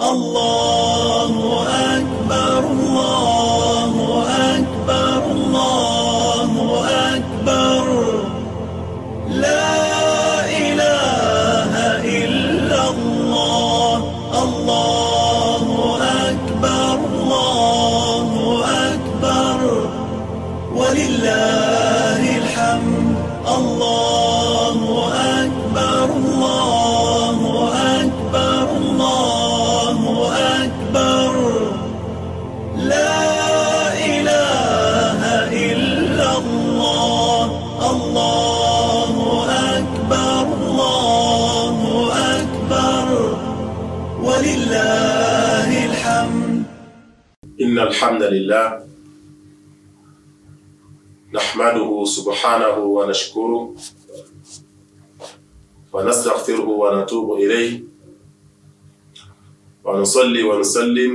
الله أكبر الحمد لله نحمده سبحانه ونشكره ونستغفره ونتوب إليه ونصلي ونسلم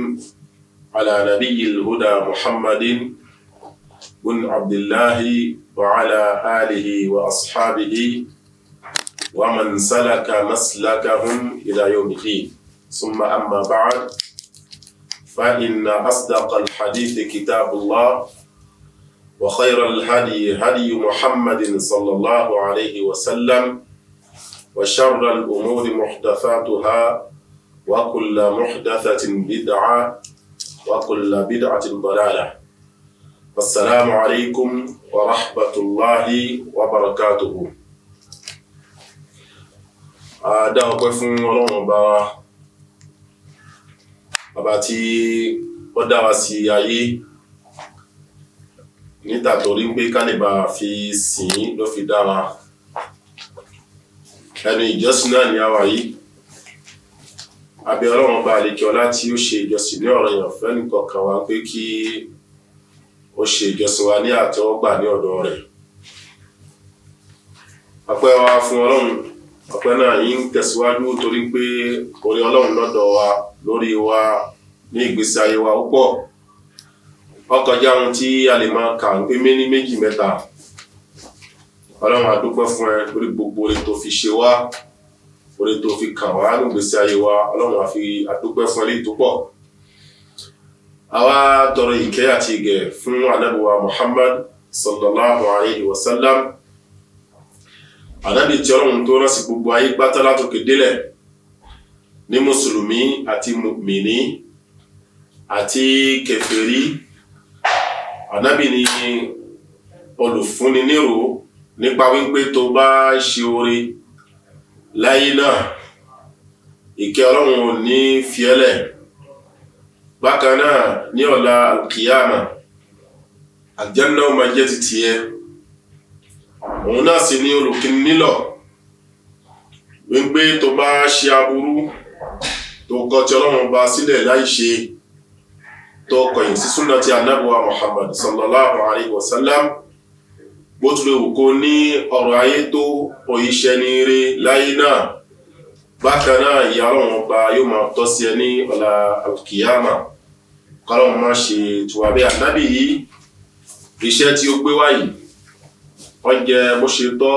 على نبي الهدى محمد بن عبد الله وعلى آله وأصحابه ومن سلك مسلكهم إلى يوم الدين ثم أما بعد فإن أصدق الحديث كتاب الله وخير الهدي هدي محمد صلى الله عليه وسلم وشر الأمور محدثاتها وكل محدثة بدعة وكل بدعة ضلالة السلام عليكم ورحمة الله وبركاته. Adá ọpẹ́ fún bàbá tí ó dá wa sí ayé níta torí pé kálíbà fi sìn ló fi dá ẹnu ìjọsìn náà ni a wà yìí abẹ Ọlọ́run bá àlejò ọlá tí ó ṣe ìjọsìn ní ọ̀rọ̀ èèyàn fẹnu kọkàn wa pé kí ó ṣe ìjọsìn wa ní àtẹ́wọ́gbà ní ọ̀dọ̀ rẹ̀ ọpẹ́ wa fún Ọlọ́run ọpẹ́ náà yìí ń tẹ̀síwájú torí pé orí Ọlọ́run lọ́dọ̀ wa lórí wa ní ìgbésí ayé wa púpọ̀ ọkọjá ohun tí a lè máa kà ń pé méní méjì mẹ́ta ọlọ́run àdúpẹ́ fún ẹ lórí gbogbo oore tó fi ṣe wá oore tó fi kàn wá ní ìgbésí ayé wa ọlọ́run àfi àdúpẹ́ fún ẹ léyìí tó pọ̀ àwa tọrọ ìkẹ́ àti ìgẹ̀ fún ànábì Muhammad sallallahu alayhi wa sallam ànábì tí ọlọ́run tó rán sí gbogbo ayé pátá látòkè délẹ̀ ní mùsùlùmí àti mùmìnì àti kèfèrí ànábì ni olùfúnni nírò nípa wípé tó bá ṣe oore láyé náà ìkẹ́ ọlọ́run ò ní fiẹ́lẹ̀ bákan náà ní ọ̀la alkiyama àjẹ́nà ọmọ jẹ́ ti tiẹ̀ òun náà sì ní olùkíní nílọ̀ wípé tó bá ṣe aburú tó kọ ti ọlọ́run ba sílẹ̀ láì ṣe tó kọ̀yìn sí súnà ti anábọ̀wá muhammad sallallahu alayhi wa sallam bó tilẹ̀ wù kó ní ọ̀rọ̀ ayé tó òyìṣẹ́ ní rí láyé náà bákan náà ìyá ọlọ́run ọba yóò máa tọ́ sí ẹ ní ọ̀la alkiyama kọ́lọ́run máa ṣe tùwàbí ànábì yìí iṣẹ́ tí ó gbé wáyìí ọjẹ bó ṣe tọ́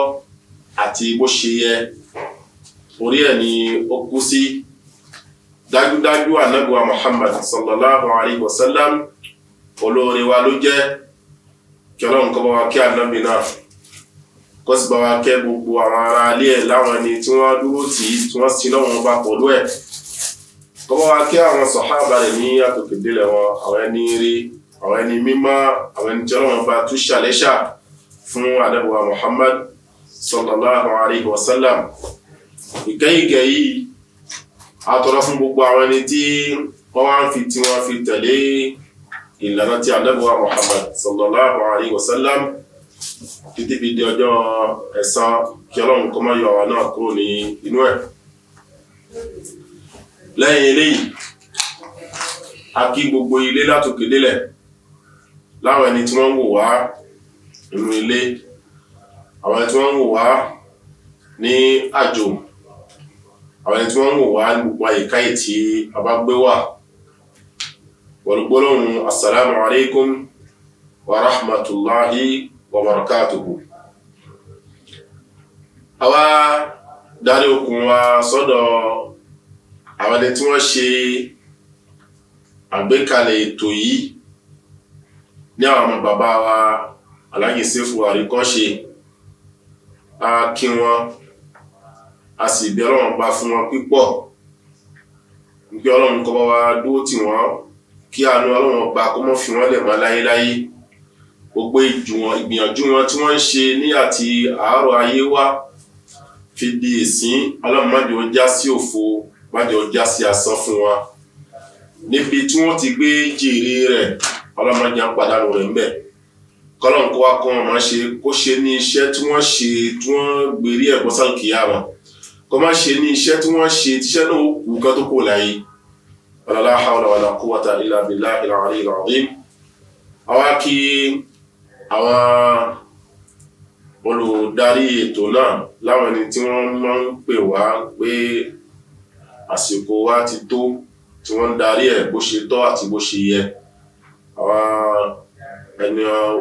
àti bó ṣe yẹ orí ẹ̀ ni ó kú sí. Si dájúdájú ànábùwà muhammad sallallahu alayhi wa sallam olóore wa ló jẹ́ kí ọlọ́run kọ́ bá wa kí ànábì náà kó sì bá wa kẹ́ gbogbo àwọn ará ilé ẹ̀ láwọn ẹni tí wọ́n dúró tì í tí wọ́n sì lọ́wọ́n bá pọ̀lú ẹ̀ kọ́ bá wa kí àwọn sọ̀hábà rẹ̀ ní àtòkè délẹ̀ wọn àwọn ẹni rí àwọn ẹni mímọ́ àwọn ẹni tí ọlọ́run bá tú ṣàlẹ́ṣà fún ànábùwà muhammad sallallahu alayhi wa sallam ìkẹ́yìnkẹ́ atọrọ fún gbogbo àwọn ẹni tí wọ́n wá ń fi tí wọ́n fi tẹ̀lé ìlànà tí anábíwá Muhammad sallallahu alayhi wa sallam títí fi di ọjọ́ ẹ̀san kí Ọlọ́run kó má yọ àwa náà kúrò ní inú ẹ̀ lẹ́yìn eléyìí a kí gbogbo ilé látòkè délẹ̀ láwọn ẹni tí wọ́n ń wò wá nínú ilé àwọn ẹni tí wọ́n ń wò wá ní àjò àwọn ẹni tí wọ́n ń wò wá ní gbogbo àyíká yìí tí a bá gbé wà pẹ̀lú gbólóhùn assalamu alaikum wa rahmatulahi wa barakatuhu. àwa darí okùn wa sọ́dọ̀ àwọn ẹni tí wọ́n ṣe àgbékalẹ̀ ètò yìí ní àwọn ọmọ bàbá wa aláyìísẹ́fù àríkọ́ṣe a kí wọn a sì bí ọlọ́run bá fún wọn pípọ̀ wípé ọlọ́run kọ́ bá wa dúró tì wọ́n kí àánú ọlọ́run bá kó mọ́ fi wọ́n lẹ̀ mọ́ láyéláyé gbogbo ìgbìyànjú wọn tí wọ́n ń ṣe ní àti àárọ̀ ayé wá fi di ìsín ọlọ́run má jẹ́ ó já sí òfo má jẹ́ ó já sí asán fún wa níbi tí wọ́n ti gbé jèrè rẹ̀ ọlọ́run má jẹ́ á pàdánù rẹ̀ ńbẹ̀ kọ́lọ́n kó wa kọ́ wọn máa ṣe kó ṣe ní iṣẹ́ tí wọ́n ṣe tí wọ́n gbèrè ẹ̀gbọ́n sáà kìí àwọn kó má ṣe ní iṣẹ́ tí wọ́n ṣe tíṣẹ́ náà kú ká tó kó láyé wàlálà hàwàlà wàlà quwwata illa billahi al-aliyyil azim àwa kí àwọn olùdarí ètò náà láwọn ẹni tí wọ́n máa ń pè wá pé àsìkò wa ti tó tí wọ́n ń darí ẹ̀ bó ṣe tọ́ àti bó ṣe yẹ àwa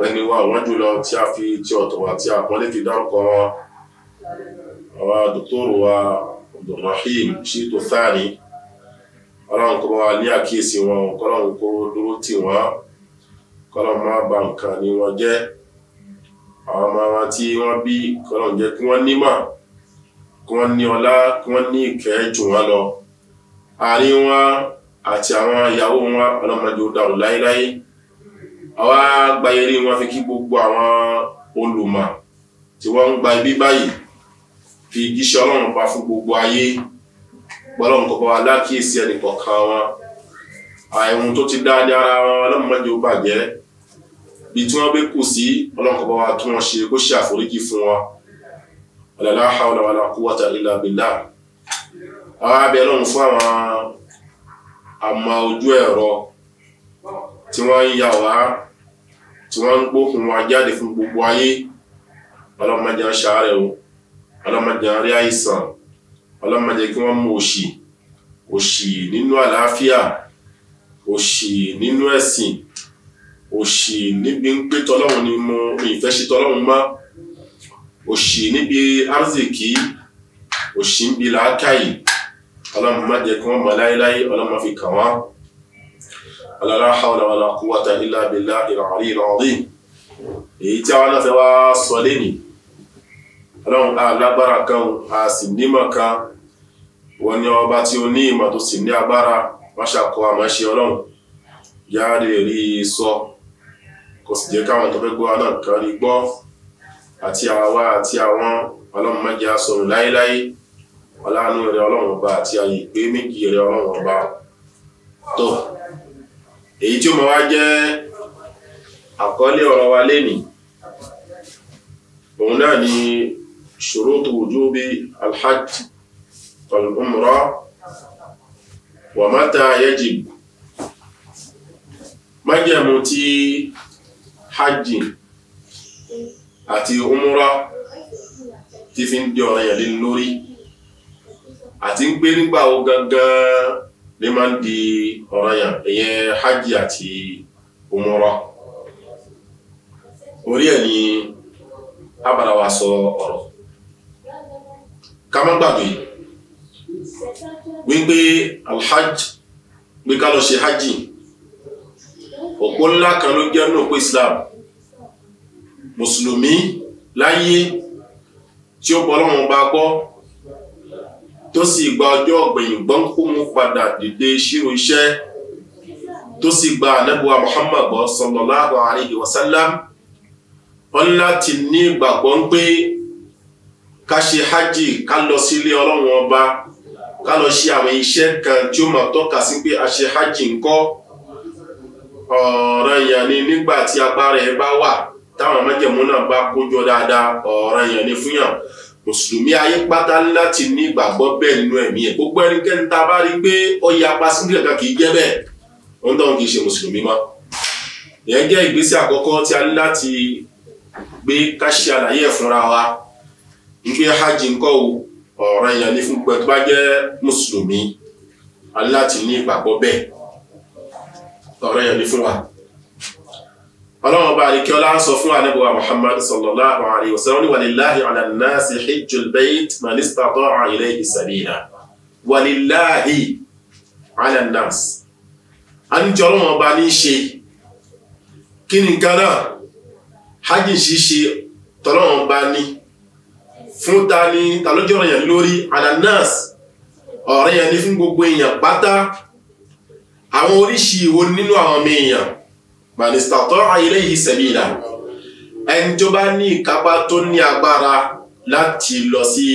ẹni wa wọ́n jùlọ tí a fi ti ọ̀tọ̀ wa tí fi dárúkọ wọn àwa dókítọ̀rù wa abdulrahim shitu thani ọlọ́run kó bá wa ní àkíyèsí wọn kọ́lọ́run kó dúró tì wọ́n kọ́lọ́run má ba nǹkan ní wọn jẹ́ àwọn ọmọ wọn tí wọ́n bí kọ́lọ́run jẹ́ kí wọ́n nímọ̀ kí wọ́n ní ọlá kí wọ́n ní ìkẹ́ jù wọ́n lọ àárín wọn àti àwọn ìyàwó wọn ọlọ́mọdé dàrú láéláé àwa gbayere wọn fi kí gbogbo àwọn olùmọ̀ tí wọ́n ń gba ibi báyìí fi jíṣẹ́ ọlọ́run pa fún gbogbo ayé gbọ́lọ́run kọ́ bá wa lákìísí ẹnì kọ̀ọ̀kan wọn àìhun tó ti dáadé ara wọn ọlọ́run má jẹ́ ó bàjẹ́ bí tí wọ́n gbé kù sí ọlọ́run kọ́ bá wa tún wọn ṣe kó ṣe àforíjì fún wọn ọ̀làlá hàwọ̀lá wàlá quwwata illa billah àwọn abẹ́ ọlọ́run fún àwọn àmọ́ ojú ẹ̀rọ tí wọ́n ń yà wá tí wọ́n ń gbókun wa jáde fún gbogbo ayé ọlọ́run má jẹ́ ń ṣàárẹ̀ o ọlọ́mọdé àrí àìsàn ọlọ́mọdé kí wọ́n mú òṣì òṣì nínú àlàáfíà òṣì nínú ẹ̀sìn òṣì níbi ń pé tọlọ́run ni mo ìfẹ́ ṣe tọlọ́run mọ́ òṣì níbi arzikì òṣì ń bi làákàyè ọlọ́run má jẹ́ kí wọ́n mọ̀ láéláé ọlọ́run má fi kàn wá. la hawla wala quwwata illa billahi al èyí tí àwọn náà fẹ́ wá sọ lẹ́nìí ọlọ́run alágbára kan a sì nímọ̀ kan wọ́n ní ọba tí ó ní ìmọ̀ tó sì ní agbára wọ́n ṣàkọ àmọ́ ṣe ọlọ́run yáàrè rí i sọ kò sì jẹ́ káwọn tó fẹ́ gbọ́ náà kan rí gbọ́ àti àwa àti àwọn ọlọ́run mẹ́jẹ asọ̀rọ̀ láéláé ọláàánú rẹ ọlọ́run ọba àti ààyè pé méjì rẹ ọlọ́run ọba tó èyí tí ó mọ wá jẹ́ àkọlé ọ̀rọ̀ wa lénìí òun náà ni شروط وجوب الحج والعمرة ومتى يجب májẹ̀mú tí hajj àti umura ti fi ń di ọ̀ranyàn lé lórí àti ń gbé nígbà wo gangan lè máa ń di ọ̀ranyàn ìyẹn hajj àti umura orí ẹ̀ ni abala sọ ọ̀rọ̀ ká má gbàgbé wípé alhaj pé ká lọ ṣe hajj òpó ńlá kan ló jẹ́ nínú òpó islam mùsùlùmí láyé tí ó bọ́lọ́run bá gbọ́ tó sì gba ọjọ́ ọ̀gbẹ̀yìn gbọ́n kó mú padà dìde ṣírò iṣẹ́ tó sì gba ànábùwà muhammad sallallahu alaihi wasallam ọ̀n láti ní ìgbàgbọ́ ń pé ká ṣe hajj ká lọ sí ilé ọlọ́run ọba ká lọ ṣe àwọn iṣẹ́ kan tí ó máa tọ́ka sí pé a ṣe hajj ńkọ́ ọ̀ranyàn ni nígbà tí agbára ẹ bá wà táwọn májẹ̀mú náà bá kójọ dáadáa ọ̀ranyàn ni fúnyàn mùsùlùmí ayé pátá láti ní ìgbàgbọ́ bẹ́ẹ̀ nínú ẹ̀mí ẹ̀ gbogbo ẹnikẹ́ni tá a bá rí pé ọyẹ apasíndì kankan kì í jẹ́ bẹ́ẹ̀ wọ́n dáhùn kì í ṣe mùsùlùmí mọ́ ìyẹn jẹ́ ìgbésẹ̀ àkọ́kọ́ tí a ní láti gbé ká ṣe àlàyé ẹ̀ fúnra wa wípé hajj ńkọ́ o ọ̀ràn èèyàn ní fún gbẹ tó bá jẹ́ mùsùlùmí aláti ní ìgbàgbọ́ bẹ́ẹ̀ ọ̀ràn èèyàn ní fún wa ọlọ́run bá àríkẹ́ ọlá sọ fún anábọ̀wá muhammad sallallahu alayhi wa sallam ní wàlíláhi ala nasi hijjul bayt man istata'a ilayhi sabila wàlíláhi ala nasi a ń jọ ọlọ́run ọba ní ṣe kí ni nǹkan hajj ṣíṣe tọ́lọ́run bá ní fún ta ni ta ló jẹ́ yẹn lórí ananas ọ̀rọ̀ yẹn ni fún gbogbo èèyàn pátá àwọn oríṣi ìwo nínú àwọn ọmọ èèyàn manistatọ́ ayẹlẹ yìí sabila ẹni tó bá ní ìkápá tó ní agbára láti lọ sí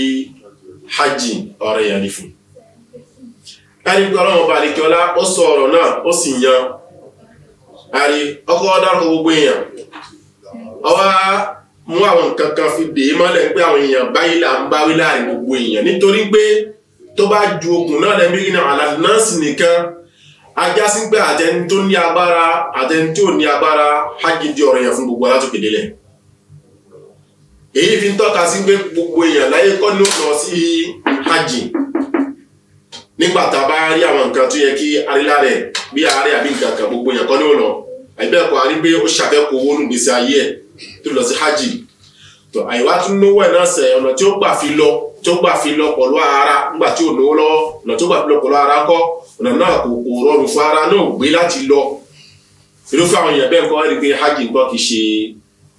hajj ọ̀rọ̀ yẹn ni fún ẹni pé ọlọ́run bá nìkẹ́ọ́lá ó sọ ọ̀rọ̀ náà ó sì yan àrí ọkọ̀ ọ̀dàrọ̀ gbogbo èèyàn ọwọ́ mú àwọn nǹkan kan fi dè é mọ́lẹ̀ pé àwọn èèyàn báyìí là ń báwí láàrin gbogbo èèyàn nítorí pé tó bá ju okùn náà lẹ́mí yìí náà àlàdé nọ́ọ̀sì nìkan ajá sí pé àtẹni tó ní agbára àtẹni tí ò ní agbára hágidi ọ̀rọ̀ yẹn fún gbogbo alátòkè délẹ̀ èyí fi ń tọ́ka sí pé gbogbo èèyàn láyé kọ́ lọ sí hajj nígbà tá a bá rí àwọn nǹkan tó yẹ kí bí àbí nǹkan kan gbogbo èèyàn kọ́ lọ àbí bẹ́ẹ̀ kọ́ tó lọ sí hajj tó àyíwá tún lówó ẹ̀ náà sẹ̀ ọ̀nà tí ó gbà fi lọ tí ó gbà fi ara tí ò lówó lọ́wọ́ ọ̀nà tí ó gbà fi lọ pọ̀lú ara kọ́ ọ̀nà náà kò kò rọrùn fún ara náà gbé láti lọ irúfẹ́ àwọn èèyàn bẹ́ẹ̀ rí pé hajj kì í ṣe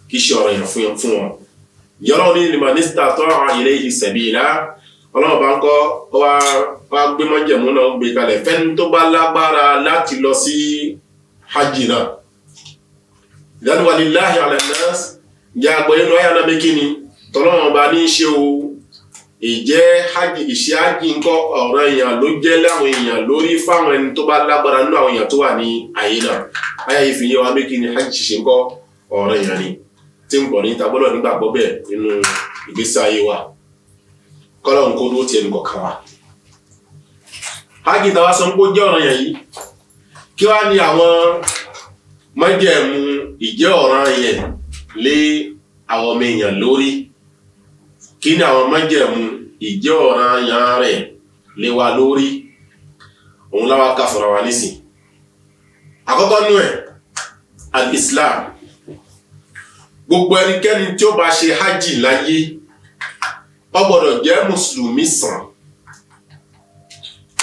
kì í ṣe ọ̀rọ̀ yẹn fún wọn yọlọ́run ní tó àwọn yìí sẹ̀bi ọlọ́run bá ń kọ́ wá wá gbé mọ́jẹ̀mú náà gbé kalẹ̀ fẹ́ni ìdáni wà líláhi àlẹ́nàs jẹ́ àgbọ̀ inú ayé alábẹ́ kí ni tọ́lọ́wọ́n ọba ní í ṣe o ìjẹ́ hajj ìṣe hajj ńkọ́ ọ̀rọ̀ èèyàn ló jẹ́ láwọn èèyàn lórí fáwọn ẹni tó bá lágbára nínú àwọn èèyàn tó wà ní ayé náà ayé yìí fi yé wa bẹ́ẹ̀ kí ni hajj ṣe ńkọ́ ni tí ń pọ̀ ní ta gbọ́dọ̀ nígbàgbọ́ bẹ́ẹ̀ nínú ìgbésí ayé wa kọ́lọ́ nǹkan tó tiẹ̀ nǹkan kan wa hajj tàwa sọ pé ó jẹ́ ọ̀rọ̀ èèyàn yìí kí wá ní àwọn májẹ̀mú ìjẹ́ ọ̀ràn yẹn lé àwọn ọmọ èèyàn lórí kí ni àwọn májẹ̀mú ìjẹ́ ọ̀ràn yẹn rẹ̀ lé wa lórí òun láwa fúnra wa nísìn àkọ́kọ́ nú ẹ̀ gbogbo ẹnikẹ́ni tí ó bá ṣe hajj láyé ọ gbọ́dọ̀ jẹ́ mùsùlùmí sàn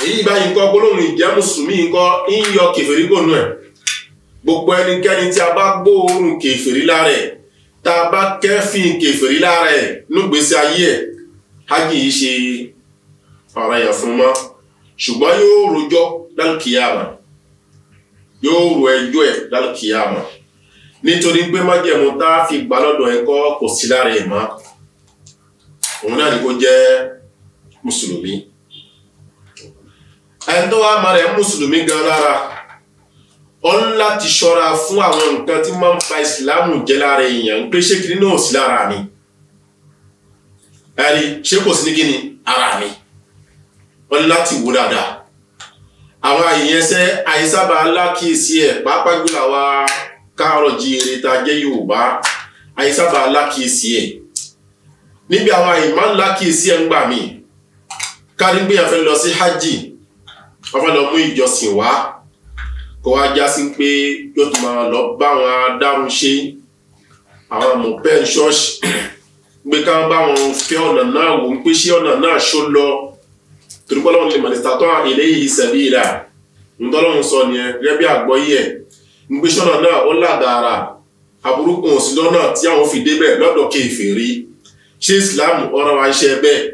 èyí báyìí kọ́ gbólóhùn ìjẹ́ mùsùlùmí kọ́ gbogbo ẹnikẹ́ni tí a bá gbóòórùn kèfèrí lára tá a bá ayé ẹ̀ hajj ṣe ọ̀rọ̀ yẹn fún mọ́ ṣùgbọ́n yóò rojọ́ lálùkìyàmà yóò ẹjọ́ ẹ̀ nítorí pé májèmú tá fi gbà lọ́dọ̀ ẹ̀ kọ́ kò sí lára ẹ̀ mọ́ òun náà ni kò jẹ́ mùsùlùmí ọ̀n láti ṣọ́ra fún àwọn nǹkan tí máa ń fa ìsìláàmù jẹ́ lára èèyàn ń pé ṣé kiri náà sí lára mi ẹ̀rí ṣé kò sí ní kí ni ara mi ọ̀n láti wò dáadáa àwọn àyẹ̀sẹ̀ àyẹ̀sábà alákìísí ẹ̀ pàápàá jùlọ àwa káàárọ̀ jíire tá a jẹ́ yorùbá àyẹ̀sábà alákìísí ẹ̀ níbi àwọn àyìnbá ńlákìísí ẹ̀ ń gbà mí kárí gbìyànjú lọ sí hajj wọ́n lọ mú ìjọsìn wá kó wá já sí pé yóò tún máa lọ bá àwọn adáhùn ṣe àwọn àmọ̀pẹ́ ṣọ́ọ̀ṣì pé ká bá wọn fẹ́ ọ̀nà náà wò ń pé ṣé ọ̀nà náà ṣó lọ torí pé ọlọ́run lè mọ̀ níta tó eléyìí sẹ̀bí rà ńtọ́lọ́run sọ nìyẹn gẹ́gẹ́ bí àgbọ́yé ẹ̀ ń gbé ṣọ́nà náà ó làdàrà aburú kan tí àwọn fi débẹ̀ lọ́dọ̀ kéèfé rí ṣé Islam ọ̀rọ̀ wa ṣe bẹ́ẹ̀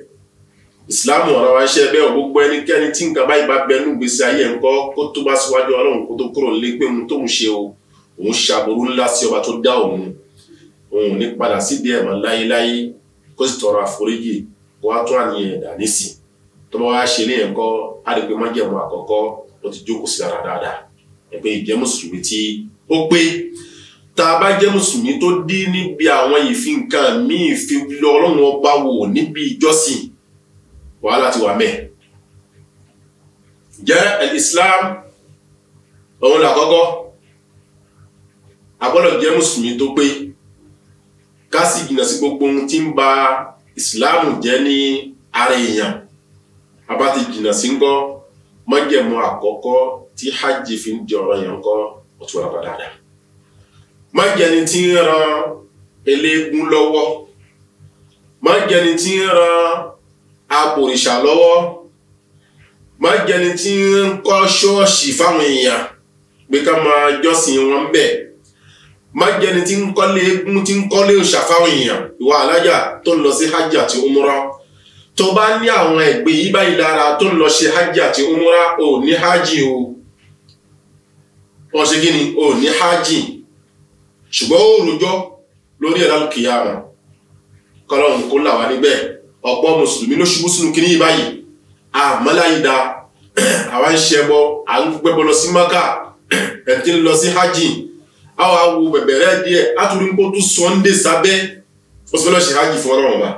ìsìláàmù ọ̀rọ̀ wa ṣe bẹ́ẹ̀ gbogbo ẹnikẹ́ni tí nǹkan báyìí bá bẹ nínú ìgbésí ayé ńkọ́ kó tó bá síwájú ọlọ́run kó tó kúrò lé pé òun tóun ṣe o òun ṣàbòrú ńlá sí ọba tó dá òun òun ní padà sídìí ẹ̀mọ́ láyéláyé kó sì tọrọ àforíjì kó wá tún àníyàn ẹ̀dá nísìn tó bá wá ṣe léyìn kọ́ á rí pé májẹ̀mú àkọ́kọ́ ó ti jókòó sí ara dáadáa ẹ̀pẹ́ ìjẹ́ wàhálà ti wà mẹ́ẹ̀ jẹ́ islam òun làkọ́kọ́ agbọ́dọ̀ jẹ́ mùsùlùmí tó pé ká sì jìnnà sí gbogbo ohun tí ń ba islam jẹ́ ní ara èèyàn a bá ti jìnnà sí ńkọ́ májẹ̀mú àkọ́kọ́ tí hajj fi ń di ọ̀rọ̀ yẹn ńkọ́ ó tún wà dáadáa májẹ̀ni tí ń ran eléégún lọ́wọ́ májẹ̀ni tí ń ran apòrìṣà lọ́wọ́ má jẹni tí ń kọ́ ṣọ́ọ̀ṣì fáwọn èèyàn pé ká máa jọ́sìn wọn bẹ̀ má jẹni tí ń kọ́lé eégún tí ń kọ́lé òòṣà fáwọn èèyàn ìwà alájà tó ń lọ sí hajj àti umura tó bá ní àwọn ẹ̀gbẹ́ yìí báyìí lára tó ń lọ ṣe hajj àti umura ò ní hajj o wọ́n ṣe kí ni ò ní hajj ṣùgbọ́n ó rojọ́ lórí ẹ̀rọ kìyàmù kọ́lọ́run kó là wá níbẹ̀ ọ̀pọ̀ mùsùlùmí ló ṣubú sínú kínní yìí báyìí a láyé da àwa ń ṣe ẹbọ à ń gbẹ́bọ lọ sí maka ẹ̀tí ń lọ sí hajj àwa wo bẹ̀bẹ̀rẹ̀ díẹ̀ átúrúgbó tún sunday sábẹ́ ó sì fẹ́ lọ ṣe hajj fún ọlọ́run ọba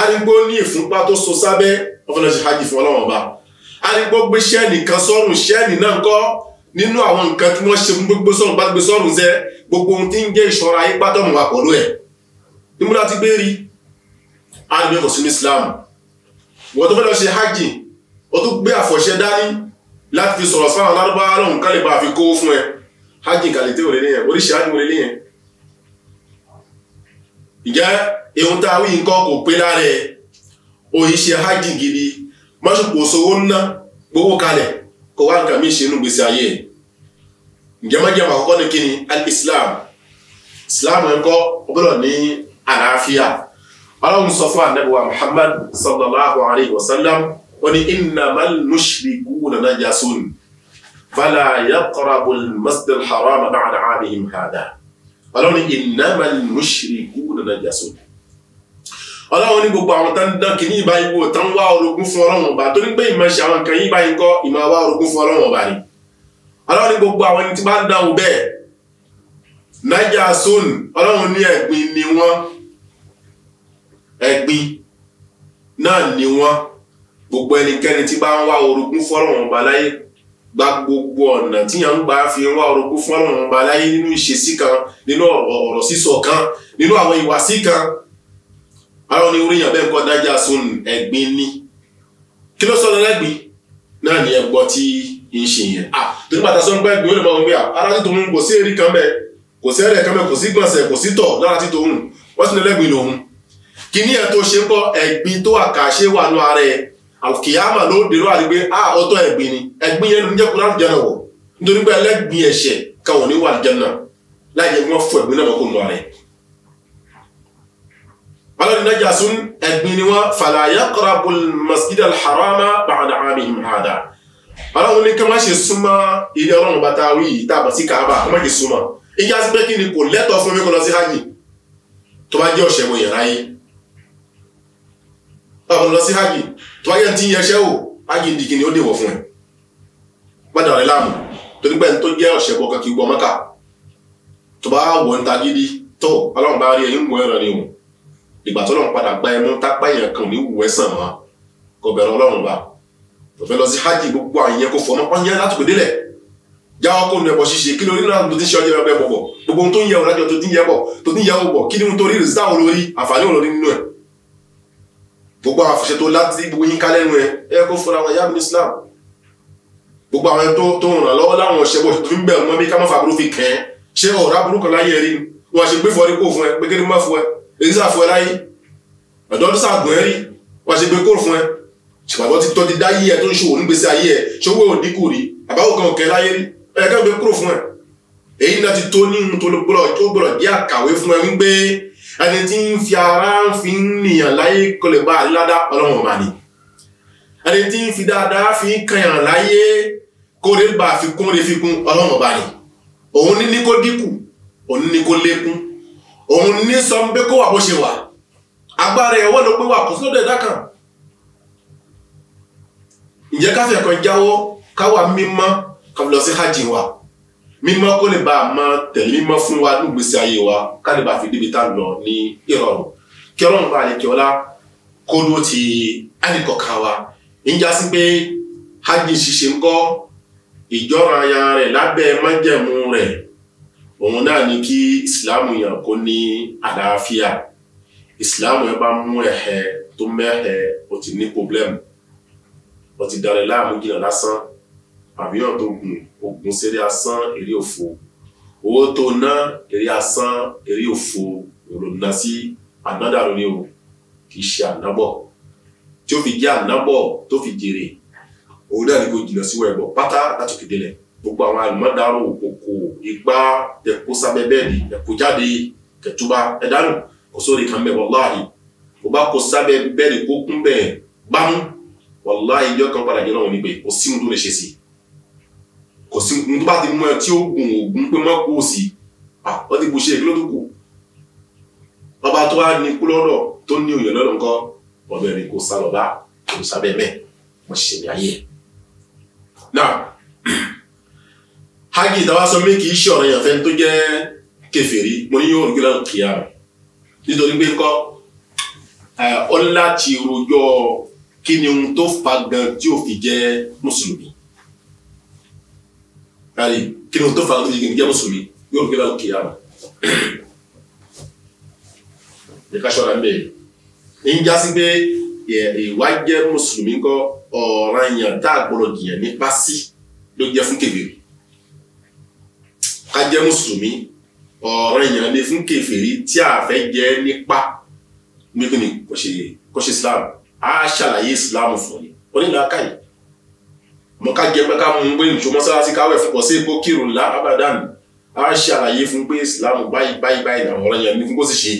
arígbó ní ìfúnpá tó so sábẹ́ ó fẹ́ lọ ṣe hajj fún ọlọ́run ọba arígbó gbé ṣẹ́ẹ̀nì kan sọ́rùn ṣẹ́ẹ̀nì náà ń kọ́ nínú àwọn nǹkan tí wọ́n ṣe fún gbogbo sọ́run bá gbé sọ́run sẹ́ gbogbo ohun tí ń jẹ́ ìṣọ́ra ayé pátọ́mù wà pọ̀lú ẹ̀ nímúdá ti gbé rí àgbẹ̀ kò sínú islam wọ́n tó fẹ́ lọ ṣe hajj ó tún gbé àfọ̀ṣẹ dání láti fi sọ̀rọ̀ sáwọn lárúbáwá lọ́hùn kálí bá fi kó fún ẹ hajj kàlẹ́tẹ́ òrèlé yẹn oríṣi hajj òrèlé yẹn ìjẹ́ ehun tá a wí nǹkan kò pé lára ẹ̀ òyìn ṣe gidi sowó ńná gbowó kalẹ̀ kó wá nǹkan míì ṣe inú gbèsè ayé ẹ̀ àkọ́kọ́ ni kí ni ọlọ́run sọ fún ànábì wa muhammad sallallahu alayhi wa sallam ó ní innamal mushrikuna najasun fala yaqrabul masjidal harama ba'da 'amihim hadha ọlọ́run ní innamal mushrikuna najasun ọlọ́run ní gbogbo àwọn tán dán kìíní ìbáyìí wò tán wá orogún fún ọlọ́run ọba tó ní pé ìmọ̀ ṣe àwọn kan yìí báyìí ìmọ̀ wá orogún fún ọlọ́run ọba ni ọlọ́run gbogbo àwọn ẹni bá dáhùn bẹ́ẹ̀ nájà sóònù ọlọ́run ní ẹ̀gbin ni wọ́n ẹ̀gbin náà ni wọn gbogbo ẹnikẹni tí bá ń wá orogún fọ́lọ́run ọba láyé gba gbogbo ọ̀nà tí ń gbà fi wá orogún fọ́lọ́run ọba láyé nínú ìṣesí kan nínú ọ̀rọ̀ sísọ kan nínú àwọn ìwàsí kan àwọn oníyàn bẹ́ẹ̀ kọ́ dájà sun ni kí ló sọ̀rọ̀ náà ni tí ṣe yẹn torí bàtà ó lè máa ara tí tòun kò sí èrí kan bẹ́ẹ̀ kò sí kan bẹ́ẹ̀ kò sí tọ̀ lára tí tòun wọ́n ní kíní ẹ̀ tó ṣe ń bọ̀ ẹ̀gbin tó àkàṣe wà nù ara ẹ̀ àkìyàmà ló dèrò àdìgbé a ọtọ ẹ̀gbin ni ẹ̀gbin yẹn ló ń jẹ́ kó láti jẹun wọ̀ nítorí pé ẹlẹ́gbin ẹ̀ṣẹ̀ káwọn ní wà jẹun náà láì jẹ́ kí wọ́n fọ ẹ̀gbin náà mọ́ kó nù ara ẹ̀. balọ̀dì náà jàsún ẹ̀gbin ni wọ́n fala yaqrabul masjid alharama ba'da amihim hada. aláwọn ní ká ṣe súnmọ́ ilé ọlọ́run bàtà wí tó bá jẹ́ ọ̀ṣẹ̀ mo yẹ̀ráyé báwo lọ sí hajj tó bá yẹ ti ń yẹsẹ́ o hajj di kìnìún ó dèwọ̀ fún ẹ gbàdá rẹ láàmú torí pé ẹni jẹ́ ọ̀sẹ̀ bọ́ kankan gbọ́ mọ́kà tó bá wọ̀ ń ta gidi tó ọlọ́run bá rí ẹyin mú ẹ̀rọ ni o ìgbà tó lọ́run padà gba ẹmú tápá èèyàn kan ní wù ẹ́ sàn mọ́ kò bẹ̀rẹ̀ ọlọ́run bá tó fẹ́ lọ sí hajj gbogbo àwọn kó fọmọ́ ọ́n yẹn láti kò délẹ̀ jáwọ́ kó nu ẹbọ ṣíṣe kí lórí náà tó ti ṣe ọjọ́ ẹbọ bọ̀ gbogbo tó ń yẹ ọ lájọ tó ti ń yẹ bọ̀ tó ti ń yẹ ọ bọ̀ kí ni mo torí rìsítà olórí àǹfààní olórí nínú ẹ̀ gbogbo àwọn àfìṣe tó láti gbogbo yín kálẹ́nu ẹ ẹ kó fúnra wọn ìyá mi ní Islam gbogbo àwọn ẹni tó ń ràn lọ́wọ́ láwọn ọ̀ṣẹ́ bọ̀ tuntun bẹ̀rù mọ́ bí ká má fa burú fi kẹ́ ẹ́ ṣé ọ̀rá burúkú láyé rí ni wọn ṣe gbé fọrí kó fún ẹ pé kéde má fún ẹ èyí sà fún ẹ láyé ọ̀dọ́ tó sàgùn ẹ rí wọn ṣe gbé kó fún ẹ ṣùgbọ́n ti tọ́ ti dá yí ẹ tó ń ṣòwò nígbèsè ayé ẹ ṣòwò òdìkù rí àbáwò kan kẹ láyé rí ẹ ká gbé kúrò fún ẹ èyí náà ti tó ní ohun tó gbọ́dọ̀ jẹ́ àkàwé fún ẹ wípé ẹni tí ń fi ara ń fi ń nìyàn láyé kó lè bá àdúrádá ọlọ́run ọba ni ẹni tí ń fi dáadáa fi ń kànyàn láyé kó lè bá àfikún lè fi kún ọlọ́run ọba ni òun ní ní kó dínkù òun ní kó lékún òun ní sọ pé kó wà bó ṣe wà agbára ẹ̀ wọ́n ló pé wà kó sódò ẹ̀dá kan ǹjẹ́ káfíńkan jáwọ́ káwa mímọ́ káfíńlọ sí hajj wa mímọ́ kó lè bá a mọ tẹ̀límọ́ fún wa nígbèsè ayé wa ká lè bá fi débi tá a lọ ní ìrọ̀rùn kí ọlọ́run bá lè kí ọlá kó dó ti ẹnìkọ̀ọ̀kan wa ń já sí pé hajj ṣíṣe ń kọ́ ìjọra aya rẹ̀ lábẹ́ májẹ̀mú rẹ̀ òun náà ni kí ìsìláàmù yàn kó ní àlàáfíà ìsìláàmù yẹn bá mú ẹ̀hẹ́ tó mẹ́hẹ́ o ti ní pọ́blẹ́mù o ti darẹ̀ láàmú jìnnà lásán pàbíyàn tó gùn ogun ṣeré asán eré òfo owó tó ná eré asán eré òfo ìrònà sí ànádàrú ni o kì í ṣe ànábọ̀ tí ó fi jẹ́ ànábọ̀ tó fi jèrè òun náà ni kò jìnnà sí wẹ̀bọ̀ pátá látòkè délẹ̀ gbogbo àwọn àlùmọ́dárò òkòkò igbá ẹ̀kú sábẹ́ bẹ́ẹ̀dì ẹ̀kú jáde kẹtùbá ẹ̀dánù kò sóore kan bẹ́ẹ̀ wàláhì kò bá kó sábẹ́ bẹ́ẹ̀dì kó kún bẹ́ẹ̀ gbámú wàláhì ìjọ kan padà jẹ́ náà wọ́n ní pé kò sí ohun tó lè ṣe sí i kò sí ní tó bá ti mú ẹ tí ó gùn ògùn pé mọ́ kó o sì ọ ti bu ṣe kí ló tó kù ọba tó wá ní kú lọ́dọ̀ tó ní òye lọ́dọ̀ nǹkan ọbẹ̀ rẹ̀ kò sá lọ bá kò sá bẹ́ẹ̀ bẹ́ẹ̀ wọ́n ṣe ní ayé ẹ̀. now hajj ìtawá sọ mí kì í ṣe ọ̀rọ̀ èèyàn fẹ́ni tó jẹ́ kèfèrí mo ní yóò gbé lọ́dọ̀ kìá rẹ̀ nítorí pé kọ́ ọ láti rojọ́ kí ni ohun tó fa gan tí ò fi jẹ́ mùsùlùmí hali kí ni tó fa ló yìí jẹ́ mùsùlùmí yóò gbé báwo kìí àmà ní ká ṣọ́ra ń bẹ̀ ń já sí pé ìwà jẹ́ mùsùlùmí kọ́ ọ̀ràn yàn tá a gbọ́dọ̀ jìyàn nípa sí ló jẹ́ fún kèfèrí ká jẹ́ mùsùlùmí ọ̀ràn yàn lè fún kèfèrí tí a fẹ́ jẹ́ nípa nígbìnnì kò islam a ṣàlàyé islam fún ni onílàákàyè mọ ká jẹ pé ká mú un pé nìṣó mọ́sálásí káwẹ̀ fọkàn sí epo kírun ńlá abadan á ṣàlàyé fún pé ìsìlámù báyìí báyìí báyìí làwọn ọ̀rọ̀ yẹn ní fún kó sì ṣe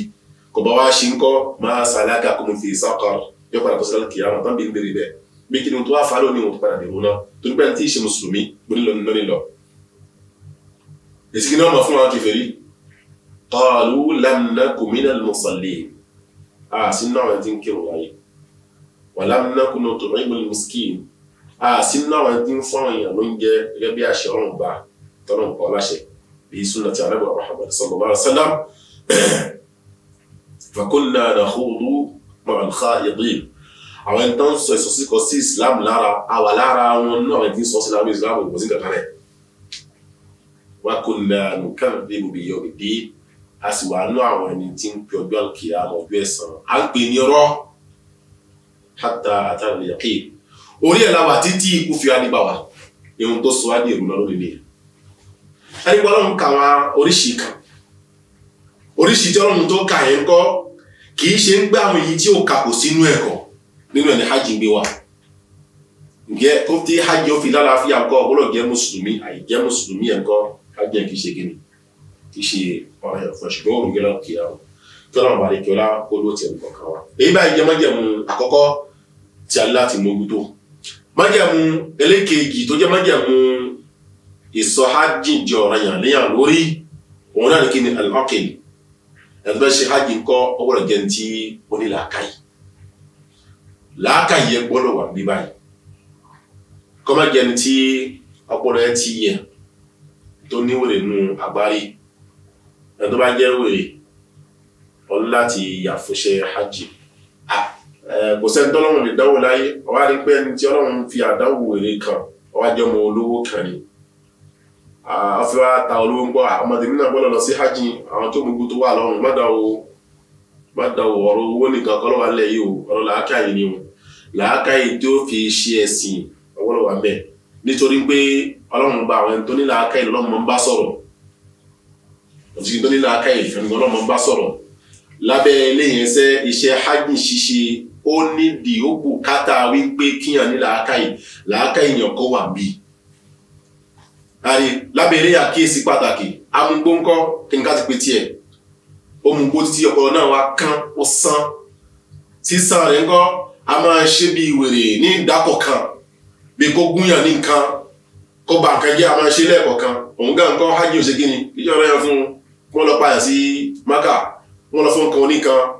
kò bá wá ṣe ń kọ́ máa ṣàlàkà kó mo fi ìsàkọ́ yọ padà bó sọ́dọ̀ kìí àwọn tán bí ń bèrè bẹ́ẹ̀ bí kí ni tó wá fa lónìí wọn tó padà dèrò náà torí pé àti ìṣe mùsùlùmí gbónílọ nínú nílọ. èsì kí ni wọ́n mọ̀ fún àwọn kèfèrí qalu lam àsínú àwọn tí ń fọ́nrán èèyàn ló ń jẹ gẹ́gẹ́ bí àṣẹ ọ̀run gbà tọ́nà ń pa láṣẹ bíi súnà tí anábọ̀ Muhammad sallallahu alaihi wa sallam fakunna nakhudu ma'al kha'idin àwọn ẹni tó ń sọ ìsọsíkọ sí Islam lára àwa lára wọn nínú àwọn ìdí sọ́sí lára Islam kò sí kankan rẹ̀ wakunna nukadhibu bi yawmiddin a sì wà nínú àwọn ẹni tí ń pè ọjọ́ àlùkìyà ọjọ́ ẹ̀san à ń pè ní ọ̀rọ̀ hatta atana al orí ẹ̀ la wà títí ikú fi adìgbà wá ihun tó sọ wá ní èrò lọ́rùn nílé ẹni kà wá oríṣìí kan oríṣìí tí ọlọ́run tó kà yẹn kọ́ kì í ṣe ń gbé àwọn èyí tí kà sínú ẹ̀kọ́ nínú ẹni hajj gbé wa ǹjẹ́ hajj ó fi jẹ́ mùsùlùmí mùsùlùmí ẹ̀ hajj kì í ṣe kì í ṣe ọ̀rẹ́ ṣùgbọ́n májàmú ẹlẹ́kẹ̀ẹ́jì tó jẹ́ májàmú ìsọ hajj di ọ̀ràn yàn léyàn lórí òun náà ní kí ni al-aqil ẹni tó bá ṣe hajj ńkọ ó gbọ́dọ̀ jẹ́ ti onílàákàyè làákàyè gbọ́dọ̀ wà bí báyìí kọ́má jẹ́ ni tí ọpọlọ ẹ ti yẹ tó ní wèrè agbárí ẹni tó bá jẹ́ wèrè ọ láti yà fúnṣẹ́ Eh, kò sẹ́ni tọ́lọ́run lè dánwò láyé ọ̀wá rí pé ẹni tí ọlọ́run fi àdánwò èrè kan ọ̀wá jẹ́ ọmọ olówó kan ni wa ta olówó ń gbọ́ ọmọdé mi náà gbọ́dọ̀ lọ sí hajj àwọn tó wà lọ́rùn má dáwò ọ̀rọ̀ owó ni o tí ó fi ṣe ẹ̀sìn wà bẹ́ẹ̀ nítorí pé ọlọ́run àwọn ẹni tó ó nídìí ó bùkátà wípé kíyàn ní làákàyè làákàyè yàn kó wà bíi àrí lábẹ́rẹ́ àkíyèsí pàtàkì amúgbó kí n ká ti pe tiẹ̀ omùgbó títí ọpọlọ náà wá kán ó sán sísan rẹ̀ ńkọ́ a máa ṣe bí wèrè ní ìdákọ̀kan bí kó gúnyàn ní nǹkan kó ba nǹkan jẹ́ a máa ṣe lẹ́ẹ̀kọ̀kan òun gan ńkọ́ hajj ò ṣe kí ni kíjọba yẹn fún un wọ́n lọ padà sí maka wọ́n lọ fún nǹkan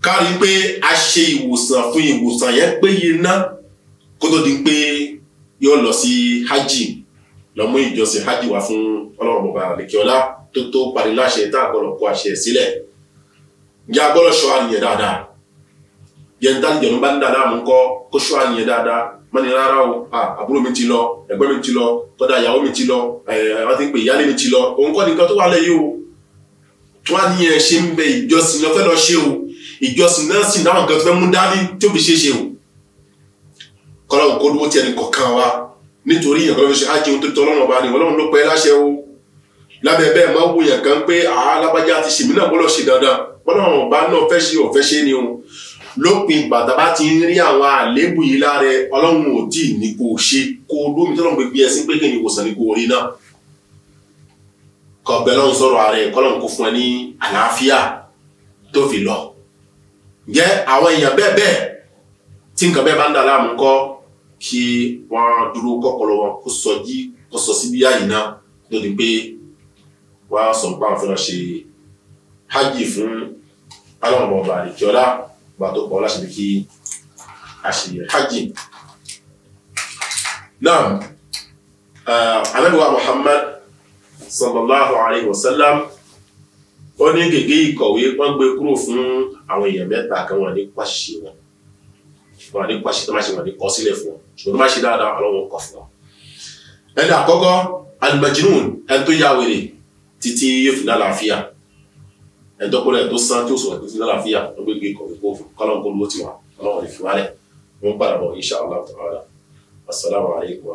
ká rí i pé a ṣe ìwòsàn fún ìwòsàn yẹn péye ná kó tó di pé yóò lọ sí hajj lọ mú ìjọsìn hajj wá fún ọlọ́run bàbá àlekíọ́lá tó tó parí láṣẹ tá a gbọ́dọ̀ kó àṣẹ sílẹ̀ ǹjẹ́ a gbọ́dọ̀ ṣọ́ àníyàn dáadáa yẹn tá nìjọba bá ń dáadáa mú kọ́ kó ṣọ́ àníyàn dáadáa mọ́ni rárá o àbúrò mi ti lọ ẹ̀gbọ́n mi ti lọ kọ́dà ìyàwó mi ti lọ wọ́n ti ń pè ìyáálé mi ti lọ òun kọ́ nìkan tó wà lẹ́yìn o tí wọ́n níyẹn ṣe ń bẹ ìjọsìn lọ́fẹ́ lọ ṣe o ìjọsìn náà sì láwọn nǹkan tó fẹ́ mú dání tí ó fi ṣe é ṣe o kọ́láwọ̀ kó dúró ti ẹnì kọ̀ọ̀kan wa nítorí ìyàn kọ́láwọ̀ ṣe á jẹun tó tọ́ ọlọ́run ọba ni ọlọ́run ló pẹ́ láṣẹ o lábẹ́ bẹ́ẹ̀ máa wo yàn kan pé àá lábájá ti ṣèmí náà gbọ́dọ̀ ṣe dandan ọlọ́run ọba náà fẹ́ ṣe ọ̀fẹ́ ṣe ni o lópin bàtà bá ti rí àwọn àléébù yìí lára ọlọ́run ò tí ì ní kó ṣe kó ni ìwòsàn ní kó rí náà kọ̀ọ̀bẹ lọ́run sọ̀rọ̀ ààrẹ kọ́lọ́run kó fún ẹ ní àlàáfíà tó fi lọ jẹ́ àwọn èèyàn bẹ́ẹ̀ bẹ́ẹ̀ tí nǹkan bẹ́ẹ̀ bá ń dà láàmú kọ́ kí wọ́n dúró kọ́kọ́lọ́ wọn kó sọ jí kó sọ sí bí àyìn náà lórí pé wọ́n á sọ pé àwọn fẹ́ràn ṣe hajj fún aláwọ̀ ọba àdìkíọ́lá ìgbà tó pọ̀ láṣẹ kí a hajj. náà anabiwa Muhammad sallallahu alayhi wa sallam ó ní gègé ìkọ̀wé wọ́n gbé kúrò fún àwọn èèyàn mẹ́ta kan wọ́n ní pàṣẹ wọn wọ́n ní pàṣẹ tó má ṣe wọ́n ní kọ sílẹ̀ fún wọn ṣùgbọ́n tó má ṣe dáadáa ọlọ́wọ́ kọ fún wọn. ẹni àkọ́kọ́ alimajinun ẹni tó yáwèrè títí yóò fi lálàáfíà ẹni tó kó lẹ́yìn tó sán tí ó sọ̀rọ̀ títí lálàáfíà wọ́n gbé gègé ìkọ̀wé kó fún kọ́lọ́n kó lówó tiwa ọlọ́wọ́ ní fi wálẹ̀ wọ́n assalamu alaikum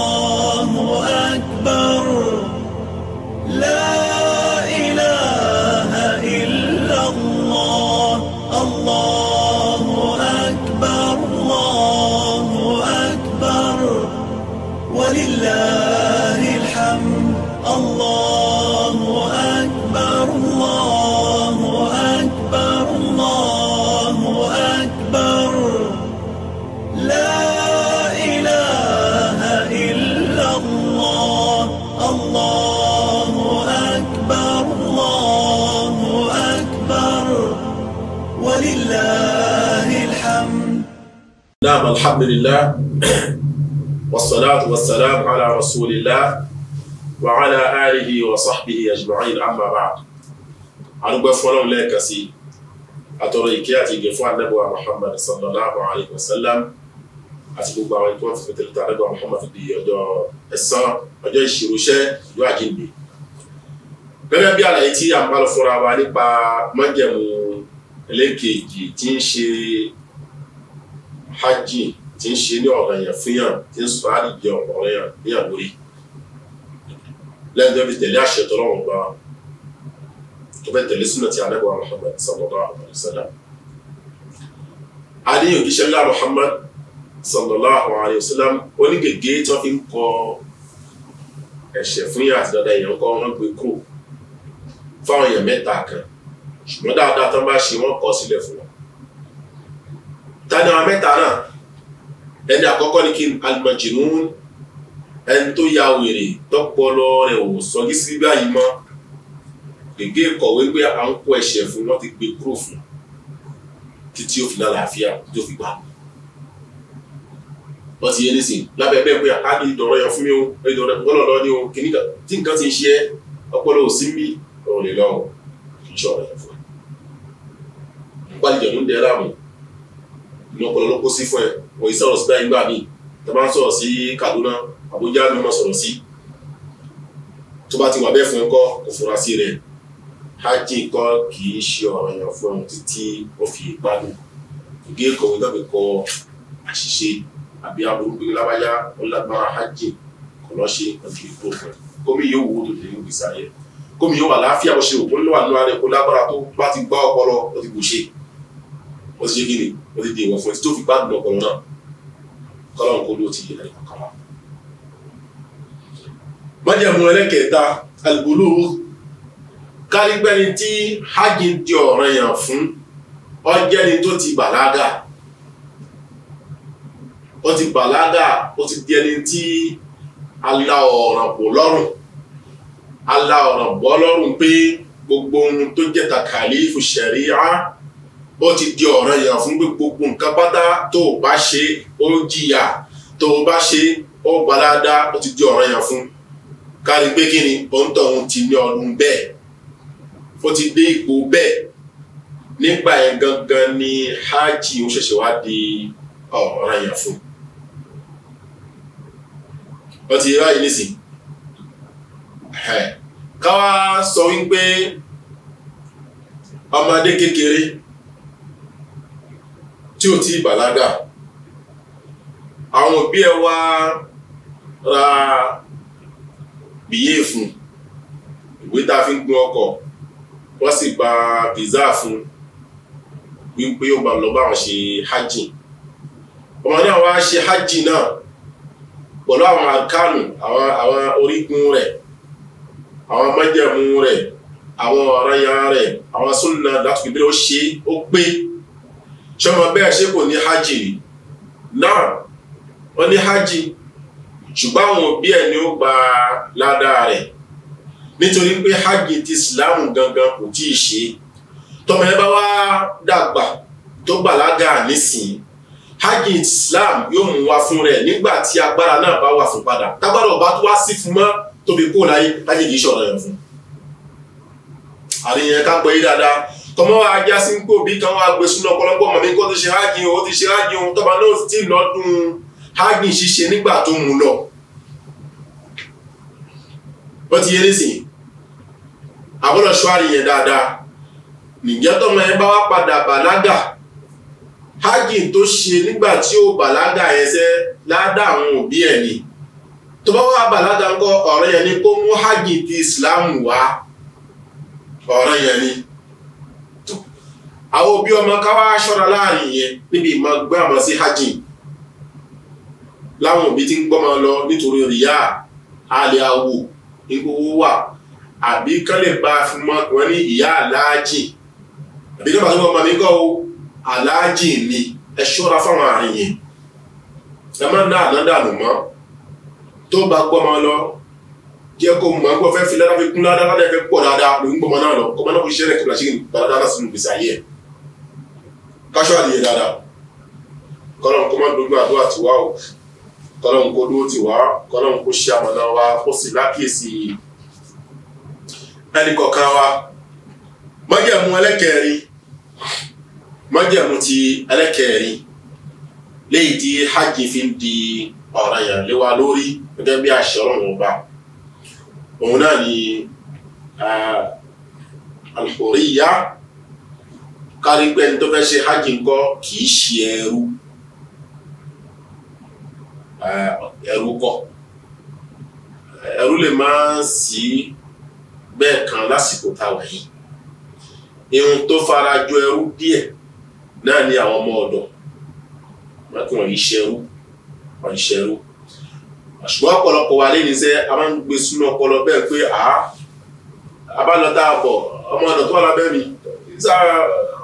alhamdulillah wasalaatu wasalaamu ala rasulillah wa ala alihi wa sahbihi ajma'in amma ba'd arúgbẹ́ fọ́lọ́n lẹ́ẹ̀kan sí àtọ̀rọ̀ ìkẹ́ àti ìgẹ̀ fún anábọ̀wà muhammad sallallahu alaihi wasallam àti gbogbo àwọn ìtọ́ àti fẹ́tẹ̀lẹ́ta anábọ̀wà muhammad di ọjọ́ ẹ̀san ọjọ́ ìṣirúṣẹ́ ìjọ àjíǹde gẹ́gẹ́ bí àlàyé tí a ń lọ fúnra wa nípa májẹ̀mú ẹlẹ́kẹ̀ẹ́jì tí ń ṣe hajj tí ń ṣe ní ọ̀ràn yẹn fún yàn tí ń sọ àdìjẹ ọ̀ràn yàn ní àlórí lẹ́yìn tó fi tẹ̀lé àṣẹ tó lọ́wọ́ gba tó fẹ́ tẹ̀lé súnà tí alẹ́ wa Muhammad sallallahu alayhi wa sallam adéyìn òjíṣẹ́ ńlá Muhammad sallallahu alayhi wa sallam onígègé tó fi ń kọ ẹ̀ṣẹ̀ fún yàn àti dandan yẹn kọ́ wọn gbé kúrò fáwọn èèyàn mẹ́ta kan ṣùgbọ́n dáadáa tó ń bá ṣe wọ́n kọ́ sílẹ̀ fún wọn. tani àwọn mẹ́ta náà ẹni àkọ́kọ́ ni kí n alimajinun ẹni tó ya wèrè tọpọlọ rẹ̀ ò sọjí sí báyìí mọ́ gègé kọ̀wé pé à ń kó ẹ̀ṣẹ̀ fún wọn ti gbé kúrò fún títí ó fi náà làáfíà tó fi gbà wọ́n ti yé nísìn lábẹ́ bẹ́ẹ̀ pé àkáàdì ìdọ̀rọ̀ yẹn fún mi o ìdọ̀rọ̀ gbọ́dọ̀ lọ ní o kì tí nǹkan ti ń ṣe ẹ́ ọpọlọ ò sí mí ọ̀rọ̀ lè lọ kì í ṣe ọ̀rọ̀ yẹn fún ẹ. pálí jẹ̀mú ń dẹ́ láàmú ìlú ọpọlọ ló kó sí fún ẹ o yí sọ̀rọ̀ sí bẹ́ẹ̀ nígbà míì tó bá ń sọ̀rọ̀ sí Kaduna Abuja ni mo sọ̀rọ̀ sí tó bá ti wà bẹ́ẹ̀ fún ẹ kọ́ kò fura sí rẹ̀ hajj kọ́ kì í ṣe ọ̀ràn yàn fún ẹ̀hún títí ó fi gbádùn ìgbé ìkọ̀wé náà fi kọ àṣìṣe àbí aburú pé lábájá ó lágbára hajj kò lọ́ ṣe ọ̀dùn ìgbó fún ẹ kómi yóò wò ó tó tẹ̀lé òbí sáyẹ kómi yóò wà láàfíà ó ṣe òpó nínú ara rẹ kó lágbára tó bá ti gbá ọpọlọ ó ti bù ṣe ó ti ṣe kí ni ó ti di ìwọ̀ fún ẹtí tó fi gbádùn ọpọlọ náà kọ́lọ́run kó ló ti yẹ ẹ̀yìn kọ́kọ́ wọn. májẹ̀mú ẹlẹ́kẹ̀ẹ́ta àlùbọ́lù kárígbẹ́ni tí hajj di ọ̀ranyàn fún ọjẹ́ni tó ti bàlágà ó ti bàlágà ó ti di ẹni tí ala ọ̀ràn kò lọ́rùn ala ọ̀ràn bọ́ lọ́rùn pé gbogbo ohun tó jẹ́ takàlífù ṣẹ̀ríà ó ti di ọ̀ràn yẹn fún gbogbo nǹkan pátá tó o bá ṣe ó jìyà tó o bá ṣe ó gbalada ó ti di ọ̀ràn yẹn fún kárí pé kí ni òǹtọ̀ òun ti ní ọdún bẹ́ẹ̀ ó ti dé ipò bẹ́ẹ̀ nígbà yẹn gangan ni hajj ó ṣẹ̀ṣẹ̀ wá di ọ̀ràn yẹn fún ó ti ráyè nísìnyí káwá sọ wípé ọmọdé kékeré. tí ò ti bàlágà àwọn òbí ẹ wá ra bìyé fún ìwé tá a fi ń gun ọkọ̀ wọ́n sì gba visa fún wípé ó bá lọ bá wọn ṣe hajj ọmọ náà wá ṣe hajj náà pẹ̀lú àwọn àkánù àwọn àwọn orígun rẹ̀ àwọn májẹ̀mú rẹ̀ àwọn ọ̀ranyàn rẹ̀ àwọn sunna láti fi bí ó ṣe ó pé. ṣọmọ bẹ́ẹ̀ ṣé kò ní hajj ni náà ó ní hajj ṣùgbọ́n àwọn òbí ẹ̀ ni ó gba ládàá rẹ̀ nítorí pé hajj ti ìsìláàmù gangan kò tí ì ṣe tọmọ ẹ bá wá dàgbà tó bàlágà nísìnyí hajj islam yóò mú wa fún rẹ̀ nígbà tí agbára náà bá wà fún padà tágbára ọba tó wá sí fún mọ́ tóbi kó láyé hajj kì í ṣọ̀rọ̀ yẹn fún àríyàn ká gbọ́ yí dáadáa tọmọ wa já sí pé òbí kan wá gbé súnà ọ̀pọ̀lọpọ̀ mọmí kó ti ṣe hajj o ti ṣe hajj o tọba náà ti lọdún hajj ṣíṣe nígbà tó mú lọ ó ti yé nísìnyí àbọ̀dọ̀ ṣọ́ọ̀rì yẹn dáadáa nìjẹ́ tọmọ yẹn bá wá padà bàlágà hajj tó ṣe nígbà tí ó bàlágà yẹn ṣe àwọn òbí ẹ̀ ni tó bá wà bàlágà ńkọ́ ọ̀rọ̀ yẹn ni kó mú hajj ti Islam wá ọ̀rọ̀ yẹn ni àwọn òbí ọmọ ká wá ṣọ́ra láàrin yẹn níbi ìmọ̀ gbé àwọn sí hajj láwọn òbí ti ń gbọ́mọ lọ nítorí rìyá àlẹ́ àwò ìgbowó wà àbí kálẹ̀ bá fi mọ́ wọn ní ìyá aláàjì àbí kálẹ̀ bá fi ọmọ mi kọ́ o aláàjì ni ẹ ṣọ́ra fáwọn àárín yẹn ẹ má dá àná dànù mọ́ tó bá gbọ́mọ lọ jẹ́ kó mọ̀ ẹgbẹ́ fẹ́ fi ládàá fi kún ládàá ládàá fẹ́ pọ̀ dáadáa lòún gbọ́mọ náà lọ kọ́mọ náà kò ṣiṣẹ́ rẹ̀ kó lásìkò dáadáa lásìkò gbèsè ayé ẹ̀ káṣọ àlè dáadáa kọ́lọ́n kó má dojú àdúrà tiwa o kọ́lọ́n kó dúró tiwa kọ́lọ́n kó ṣe àmọ̀nà wa kó sì lákìsì ẹnì kọ̀ọ̀kan wa májẹ̀mú ẹlẹ́kẹ̀rin májẹ̀mú ti ẹlẹ́kẹ̀rin léyìí tí hajj fi ń di ọ̀ràn yàn lé lórí gẹ́gẹ́ bí àṣẹ ọlọ́run ọba òun náà ni ah, alhurriya. Uh, kárí pé ẹni tó fẹ́ ṣe hajj ńkọ́ kì í ṣe ẹrú ẹrú kọ́ ẹrú lè máa ń sí bẹ́ẹ̀ kan lásìkò táwọn yìí irun tó fara jọ ẹrú díẹ̀ náà ni àwọn ọmọ ọ̀dọ̀ mọ́tò wọ̀nyí ṣẹrú wọ̀nyí ṣẹrú ṣùgbọ́n ọ̀pọ̀lọpọ̀ wà lẹ́yìn iṣẹ́ a máa ń gbé súnú ọpọlọ bẹ́ẹ̀ pé a a bá lọ tá a bọ̀ ọmọ ọ̀dọ̀ tó wà lábẹ́ mi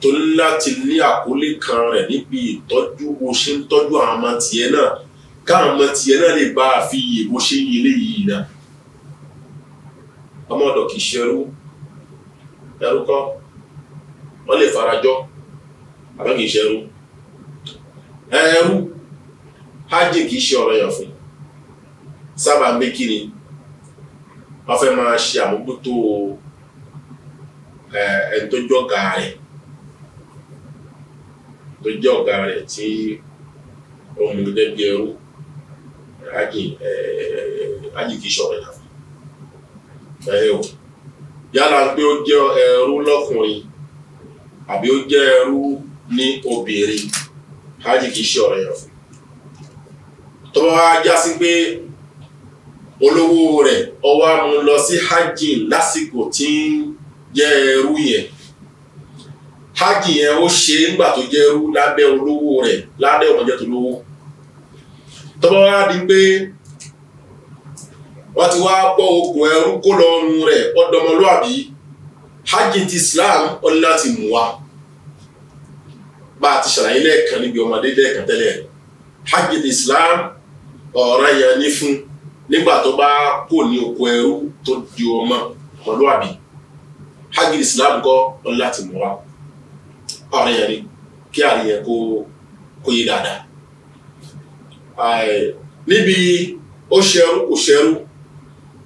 torí láti lé àkólé kan rẹ̀ níbi ìtọ́jú bó ṣe ń tọ́jú àwọn ọmọ tiẹ̀ náà káwọn ọmọ tiẹ̀ náà lè bá a fi yè bó ṣe ń yè léyìí náà ọmọ ọ̀dọ̀ kì í ṣerú ẹrú kọ́ wọ́n lè farajọ́ àbẹ́ kì í ṣerú ẹrú hajj kì í ṣe ọ̀rọ̀ yàn fún sábà ń gbé kíni wọ́n fẹ́ máa ṣe àmójútó ẹ̀ ẹ̀ ń tọ́jú ọ̀gá rẹ̀ tó jẹ́ ọ̀gá rẹ̀ tí ó mú gẹ́gẹ́ bí ẹrú ájì ájì kì í ṣọ̀rọ̀ yà fún ẹ̀ o yálà pé ó jẹ́ ẹrú lọ́kùnrin àbí ó jẹ́ ẹrú ní obìnrin ájì kì í ṣọ̀rọ̀ yà tó bá já sí pé olówó rẹ̀ ó wá lọ sí hajj lásìkò tí ń jẹ́ ẹrú yẹn hajj yẹn ó ṣe nígbà tó jẹ́ rú lábẹ́ olówó rẹ̀ lábẹ́ ọ̀nàjẹ́ tó lówó tọ́wọ́ wá di pé wọ́n ti wá bọ́ okùn ẹrú kó lọ ọrùn rẹ̀ ọ̀dọ́mọlúàbí hajj ti Islam ọ̀ní láti mú wa bá a ti ṣàlàyé lẹ́ẹ̀kan níbi ọmọdé lẹ́ẹ̀kan tẹ́lẹ̀ hajj ti Islam ọ̀ràn yẹn ní fún nígbà tó bá kò ní okùn ẹrú tó di ọmọ ọmọlúàbí hajj Islam kọ́ ọ̀ní láti mú wa. ọ̀rẹ́ yẹn kí àrí yẹ kó kó dada níbi ó ṣẹrú kò ṣẹrú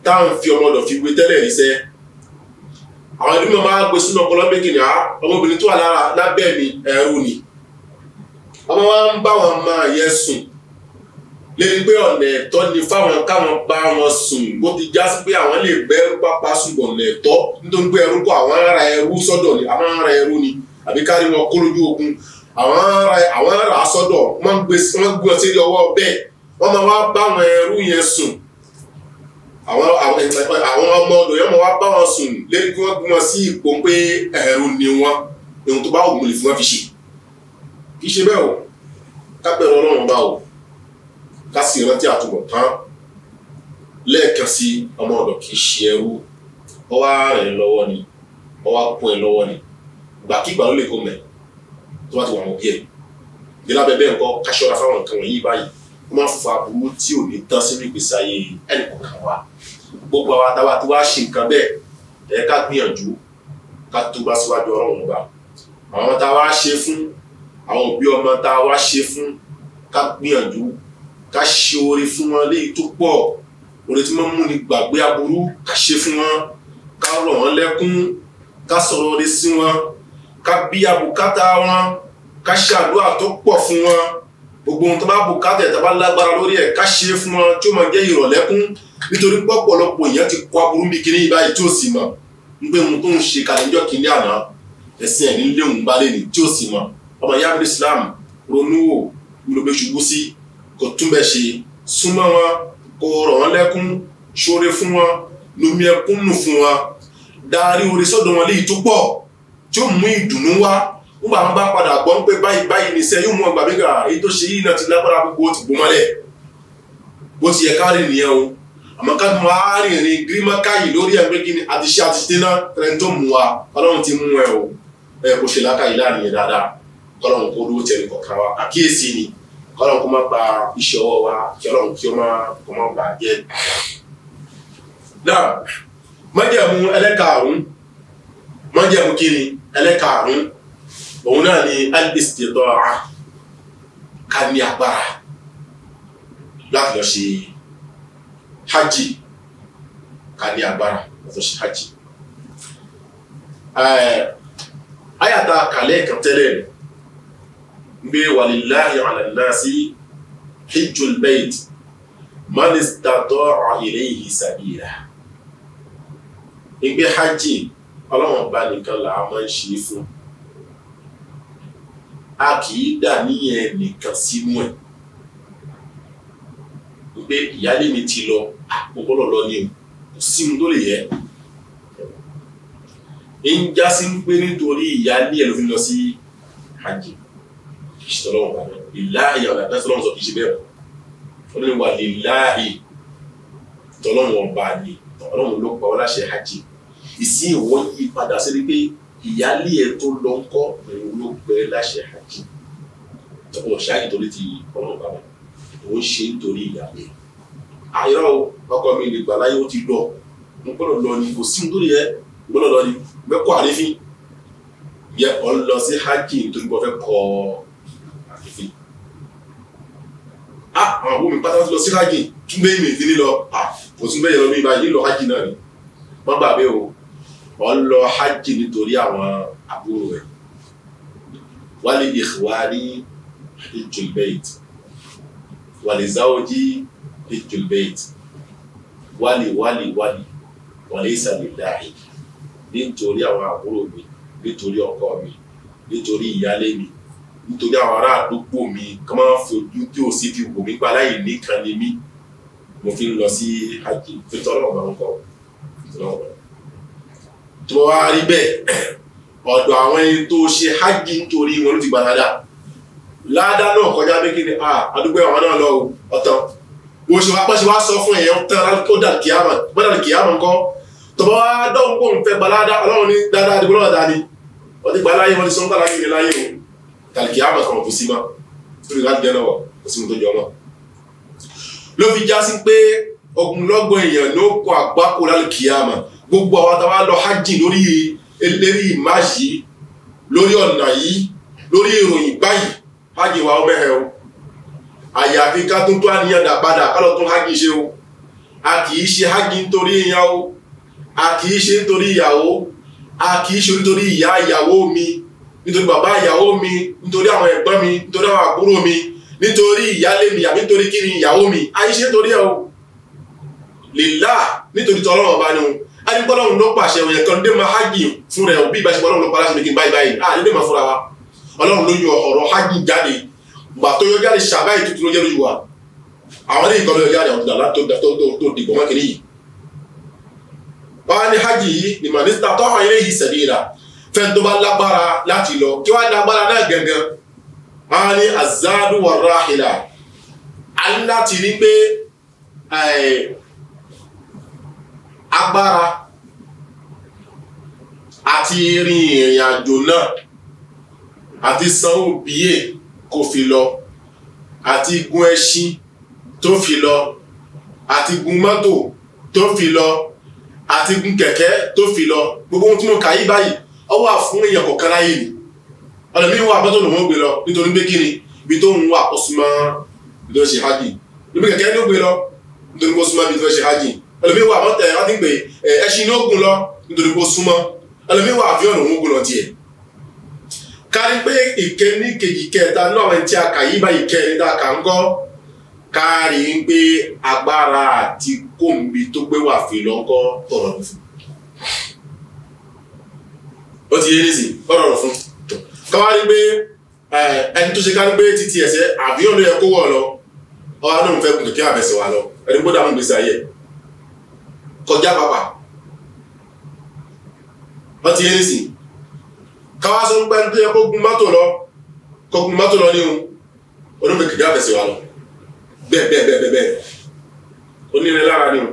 tá à fi ọmọdọ̀ fi gbé tẹ́lẹ̀ níṣẹ́ àwọn ẹbí mi máa gbé sínú ọpọlọ pé kìnìún ah, ọmọbìnrin tó wà lábẹ́ mi ẹ̀rù ni ọmọ wa ń bá wọn máa yẹ sùn pé ọ̀nà ni fáwọn káwọn bá wọn sùn bó ti já sí pé àwọn lè pápá ọ̀nà ẹ̀tọ́ nítorí kọ àwọn ará ẹrú sọ́dọ̀ ni àwọn ará ni. àbí kárí wọn kó lójú ogun àwọn ará àwọn ará àsọdọ̀ wọ́n gbé wọ́n gbé ọtí ní ọwọ́ bẹ́ẹ̀ wọ́n máa wá bá àwọn ẹrú yẹn sùn àwọn àwọn ọmọ ọ̀dọ̀ yẹn máa wá bá wọn sùn lẹ́yìn kí wọ́n gbé wọn sí ipò pé ẹrú ni wọn ohun tó bá wù mí lè fún wọn fi ṣe kì í ṣe bẹ́ẹ̀ o ká bẹ̀rù ọlọ́run bá o ká sì rántí àtúbọ̀ tán lẹ́ẹ̀kan sí ọmọ ọ̀dọ̀ kì í ṣe ẹrú ọwọ́ ara rẹ̀ lọ́wọ́ ni ọwọ́ apọ̀ ẹ̀ lọ́wọ́ ni gbàkígbà ló lè kó mẹ́ tó bá ti wà wọ́n bí ẹ̀ bí lábẹ́ bẹ́ẹ̀ nǹkan ká ṣọ́ra fáwọn nǹkan wọ̀nyí báyìí wọ́n máa fa aburú tí ò ní tán sínú ìgbésí ayé ẹnìkọ̀ọ̀kan wa gbogbo àwa táwa tó wá ṣe nǹkan bẹ́ẹ̀ ẹ̀ ká gbìyànjú ká tó bá síwájú ọlọ́run ọba àwọn táwa ṣe fún àwọn òbí ọmọ táwa ṣe fún ká gbìyànjú ká ṣe oore fún wọn léyìí tó pọ̀ oore tí wọ́n mú ni gbàgbé aburú ká ṣe fún wọn ká rọ̀ wọ́n lẹ́kún ká sọ̀rọ̀ oore sí wọn ká bí abùkátà wọn ká ṣàdúrà tó pọ̀ fún wọn gbogbo ohun tó bá bùkátà ẹ̀ tó bá lágbára lórí ẹ̀ ká ṣe fún wọn tí ó máa jẹ́ ìrọ̀lẹ́kún nítorí pọ̀pọ̀lọpọ̀ èèyàn ti kọ aburú bí kíní si tí ó sì mọ̀ n pé ohun tó ń ṣe kàlẹ́jọ́ kíní àná ẹ̀sìn si léhùn balẹ̀ ni islam sí kò ṣe súnmọ́ wọn kò rọ̀ wọ́n lẹ́kún ṣoore fún wọn lómi ẹkún nù tí ó mú ìdùnnú wá nígbà wọn bá padà gbọ́ pé báyìí báyìí ní sẹ́ mú ọgbà gbígbà èyí tó ṣe yìí náà ti lágbára gbogbo ti gbó mọ́lẹ̀ bó ti yẹ káàrí nìyẹn o àmọ́ ká mọ arìnrìn gírímọ́káyì lórí ẹgbẹ́ kí ni àtiṣe tó mú wa ọlọ́run ti mú ẹ o ẹ kò ṣe lákàyè láàrin yẹn dáadáa kó dúró wa àkíyèsí ni kọ́lọ́run kó má gba iṣẹ́ ọwọ́ wa kí ọlọ́run kí ó ẹlẹ́karùn-ún òun náà ni al-istita'a ká ní agbára láti lọ ṣe hajj ká ní agbára láti lọ ṣe hajj. ayàtà kàlẹ́ kan tẹ́lẹ̀ ń gbé walillahi ala nnasi hijjul bayt man istata'a ilayhi sabila ìgbé hajj ọlọ́run ọba nìkan là á máa ń ṣe é fún a kì í dà níyẹn nìkan sínú ẹ̀ pé ìyáálé mi ti lọ àpòpọ̀lọ̀ lọ ni kò sínú tó lè yẹ ń já sí pé nítorí ìyáálé ẹ̀ ló fi lọ sí hajj ìṣẹ̀lọ́wọ̀n bá rẹ̀ ìláàyè ọ̀nà àtẹ́sọ́lọ́wọ̀n sọ kì í ṣe bẹ́ẹ̀ wọ́n ní wà ní láàyè tọ́lọ́wọ̀n bá ní ọlọ́run ló pa ọ́ láṣẹ hajj ìsí ìwọ yí padà sí pé ìyáálé ẹ tó lọ ń kọ́ ẹ̀rọ ló gbẹ láṣẹ àjì ọ̀pọ̀ ṣáàyè torí ti ọ̀rọ̀ bàbá òun ṣe nítorí ìyàwó àyọ̀ ọkọ mi lè gbà láyé ó ti lọ mo gbọ́dọ̀ lọ ni kò sí nítorí ẹ gbọ́dọ̀ lọ ni mẹ́kọ́ àrífín yẹ ọ̀ ń lọ sí hajj nítorí bọ́ fẹ́ kọ́ àrífín ah àwọn àbúrò mi pátá lọ sí hajj túnbẹ́ mi ìdílé lọ ah kò túnbẹ́ yẹn lọ mi ìbáyé lọ hajj náà ni wọ́n gbà bẹ́ẹ̀ o ó lọ hajj nítorí àwọn àbúrò ẹ̀ wálé ìhùwárí hijjul bayt wálé záwọ́jì hijjul bayt wálé wálé wálé wálé ìsàlẹ̀dáì nítorí àwọn àbúrò mi nítorí ọkọ mi nítorí ìyálé mi nítorí àwọn ará àdúgbò mi kọ́ máa fojú tí ò sí fi wò mí pa láì nìkan ni mí mo fi ń lọ sí hajj fi tọ́lọ̀ ọ̀gbà ń kọ́ tọ́lọ̀ ọ̀gbà tó wá rí bẹ́ẹ̀ ọ̀dọ̀ àwọn ẹni tó ṣe hajj nítorí wọn ló ti gbà dáadáa ládàá náà kọjá pé kí ni àdúgbò ah, àwọn náà lọ ọ̀tàn bó ṣe wá pẹ́ ṣe wá sọ fún èèyàn tán ó dà kìámà gbọ́dọ̀ kìámà ńkọ́ tọ́ba wá dọ́hùn kó ń fẹ́ balada ọlọ́run ní dáadáa àdìgbò náà dáa ni wọ́n ti gba láyé wọ́n ti sọ́ńtà láyé mi láyé o tàbí kìámà kan òfin sí ma lórí láti jẹ́ náà wà kò sí mi tó jọ ọmọ. ló fi já sí pé ogunlọ́gbọ̀n èèyàn ló kọ àgbákò láti kìámà gbogbo àwọn àtàwọn lọ hajj lórí eléré ìmáà yìí lórí ọ̀nà yìí lórí ìròyìn báyìí hajj wa ó o àyàfi ká tó tó àníyàn padà hajj ṣe o a kì ise ṣe hajj nítorí a kì ise ṣe nítorí a kì ise ṣe nítorí ìyá ìyàwó mi nítorí bàbá ìyàwó mi nítorí àwọn ẹ̀gbọ́n mi nítorí àwọn àbúrò mi nítorí ìyálé mi àbí nítorí kí ni mi àyíṣe o lillah nítorí tí ọlọ́run ọba ni o adigunpọ̀lọ́run ló pàṣẹ òyìn kan dé máa hajj fún rẹ̀ òbí ìbáṣepọ̀ ọlọ́run ló pa aláṣẹ nìkan báyìí báyìí àti dé máa fúnra wa ọlọ́run ló yọ ọ̀rọ̀ hajj jáde gbà tó yọ jáde ṣàbáyé tuntun ló jẹ́ lójú wa àwọn ní ìkọlù ìyá rẹ̀ ọ̀dàlá tó tó tó dìbò mọ́kìrì yìí. wọ́n ní hajj yìí ni mànísítà tọ́hàn ilé yìí sẹ̀dí ìlà fẹ́ẹ́ tó bá lágbára láti lọ kí wọ́n lágbára náà gẹ́gẹ́ wọ́n ní azadu warahila aláti ní pé agbára àti rin ìrìn àjò náà àti sanwó bíyè kò fi lọ àti gun ẹṣin tó fi lọ àti gun mọ́tò tó fi lọ àti gun kẹ̀kẹ́ tó fi lọ gbogbo ohun tí mo kà yí báyìí ó wà èèyàn kọ̀ọ̀kan láyé ni ọlọ́mí wà bọ́tò lòun gbé lọ nítorí pé kí ni ibi tó ń wà ó súnmọ́ ibi tó ń ṣe hajj níbi kẹ̀kẹ́ ló gbé lọ nítorí pé ó súnmọ́ ibi tó ń ṣe hajj ẹlòmíì wà mọ́tẹ̀ wọ́n ti ń pè ẹṣin ló gùn lọ nítorí pé ó súnmọ́ ẹlòmíì wà àfihàn òun gùn lọ tiẹ̀. kárí pé ìkẹ́ni kejì kẹta náà àwọn ẹni tí a kà yí bá ìkẹrin tá a kà ń kọ́ kárí pé agbára àti kòmbi tó gbé wà fi lọ́kọ́ tọ̀rọ̀ lọ fún. ó ti yé nísìnyí tọ̀rọ̀ lọ fún. káwárí pé ẹni tó ṣe kárí pé títí ẹsẹ̀ àbíọ̀n ló yẹ kó wọ̀ lọ ọ̀ kọjá bàbà wọ́n ti yé nísìn káwá sọ ń pẹ́ ń pẹ́ kó gun lọ kó gun lọ ní o olóògbé kìdí àfẹsẹ̀ wa lọ bẹ́ẹ̀ bẹ́ẹ̀ bẹ́ẹ̀ bẹ́ẹ̀ onírẹ̀ lára ni o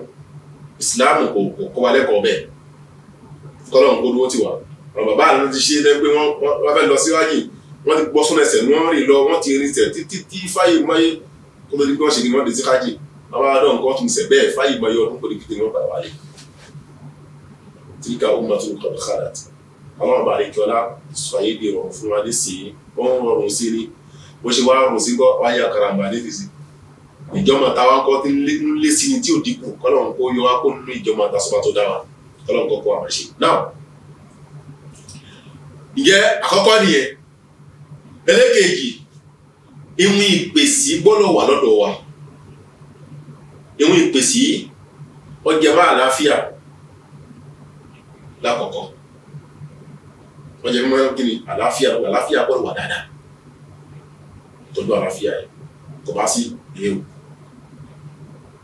ìsìláàmù kò kò kọ́ wa lẹ́kọ̀ọ́ bẹ́ẹ̀ kọ́lọ́n kó dúró ti wà àwọn bàbá àná ti ṣe é pé wọ́n wọ́n fẹ́ lọ síwájú wọ́n ti gbọ́ sún ẹsẹ̀ wọ́n rìn lọ wọ́n ti rìn sẹ̀ títí tí fáyé máyé kó lórí bí wọ́n ṣe ni wọ́n dé sí kájì bàbá náà nǹkan tún sẹ̀ bẹ́ẹ̀ fáyì mọ̀ yọ ọdún kò ní kí tèmi bàbá yìí tíríkà ọmọ tó ń kọ̀ kára tí àwọn ọba wa ní sí i ó ń rọrùn sí ni bó ṣe wá rọrùn sí kọ́ wáyé àkàràǹbà níbi sí ìjọba táwa kọ́ tí ń lé sí ni tí ò dínkù kọ́lọ̀ ń kó yọ wá kó nínú ìjọba àtàsọ́ba tó dára kọ́lọ̀ ń kó àwọn ṣe náà ìyẹn àkọ́kọ́ nìyẹn ẹlẹ́kẹ̀ẹ́jì ìwọ̀n ìpèsè gbọ́dọ̀ wà lọ́dọ̀ wa ìwọ̀n ìpèsè yìí ọjẹ́ má àlàáfíà lákọ̀ọ́kọ́ ọjẹ́ má kíni àlàáfíà àlàáfíà gbọ́dọ̀ wà dáadáa tọ́jú àlàáfíà yìí kò bá sí ewu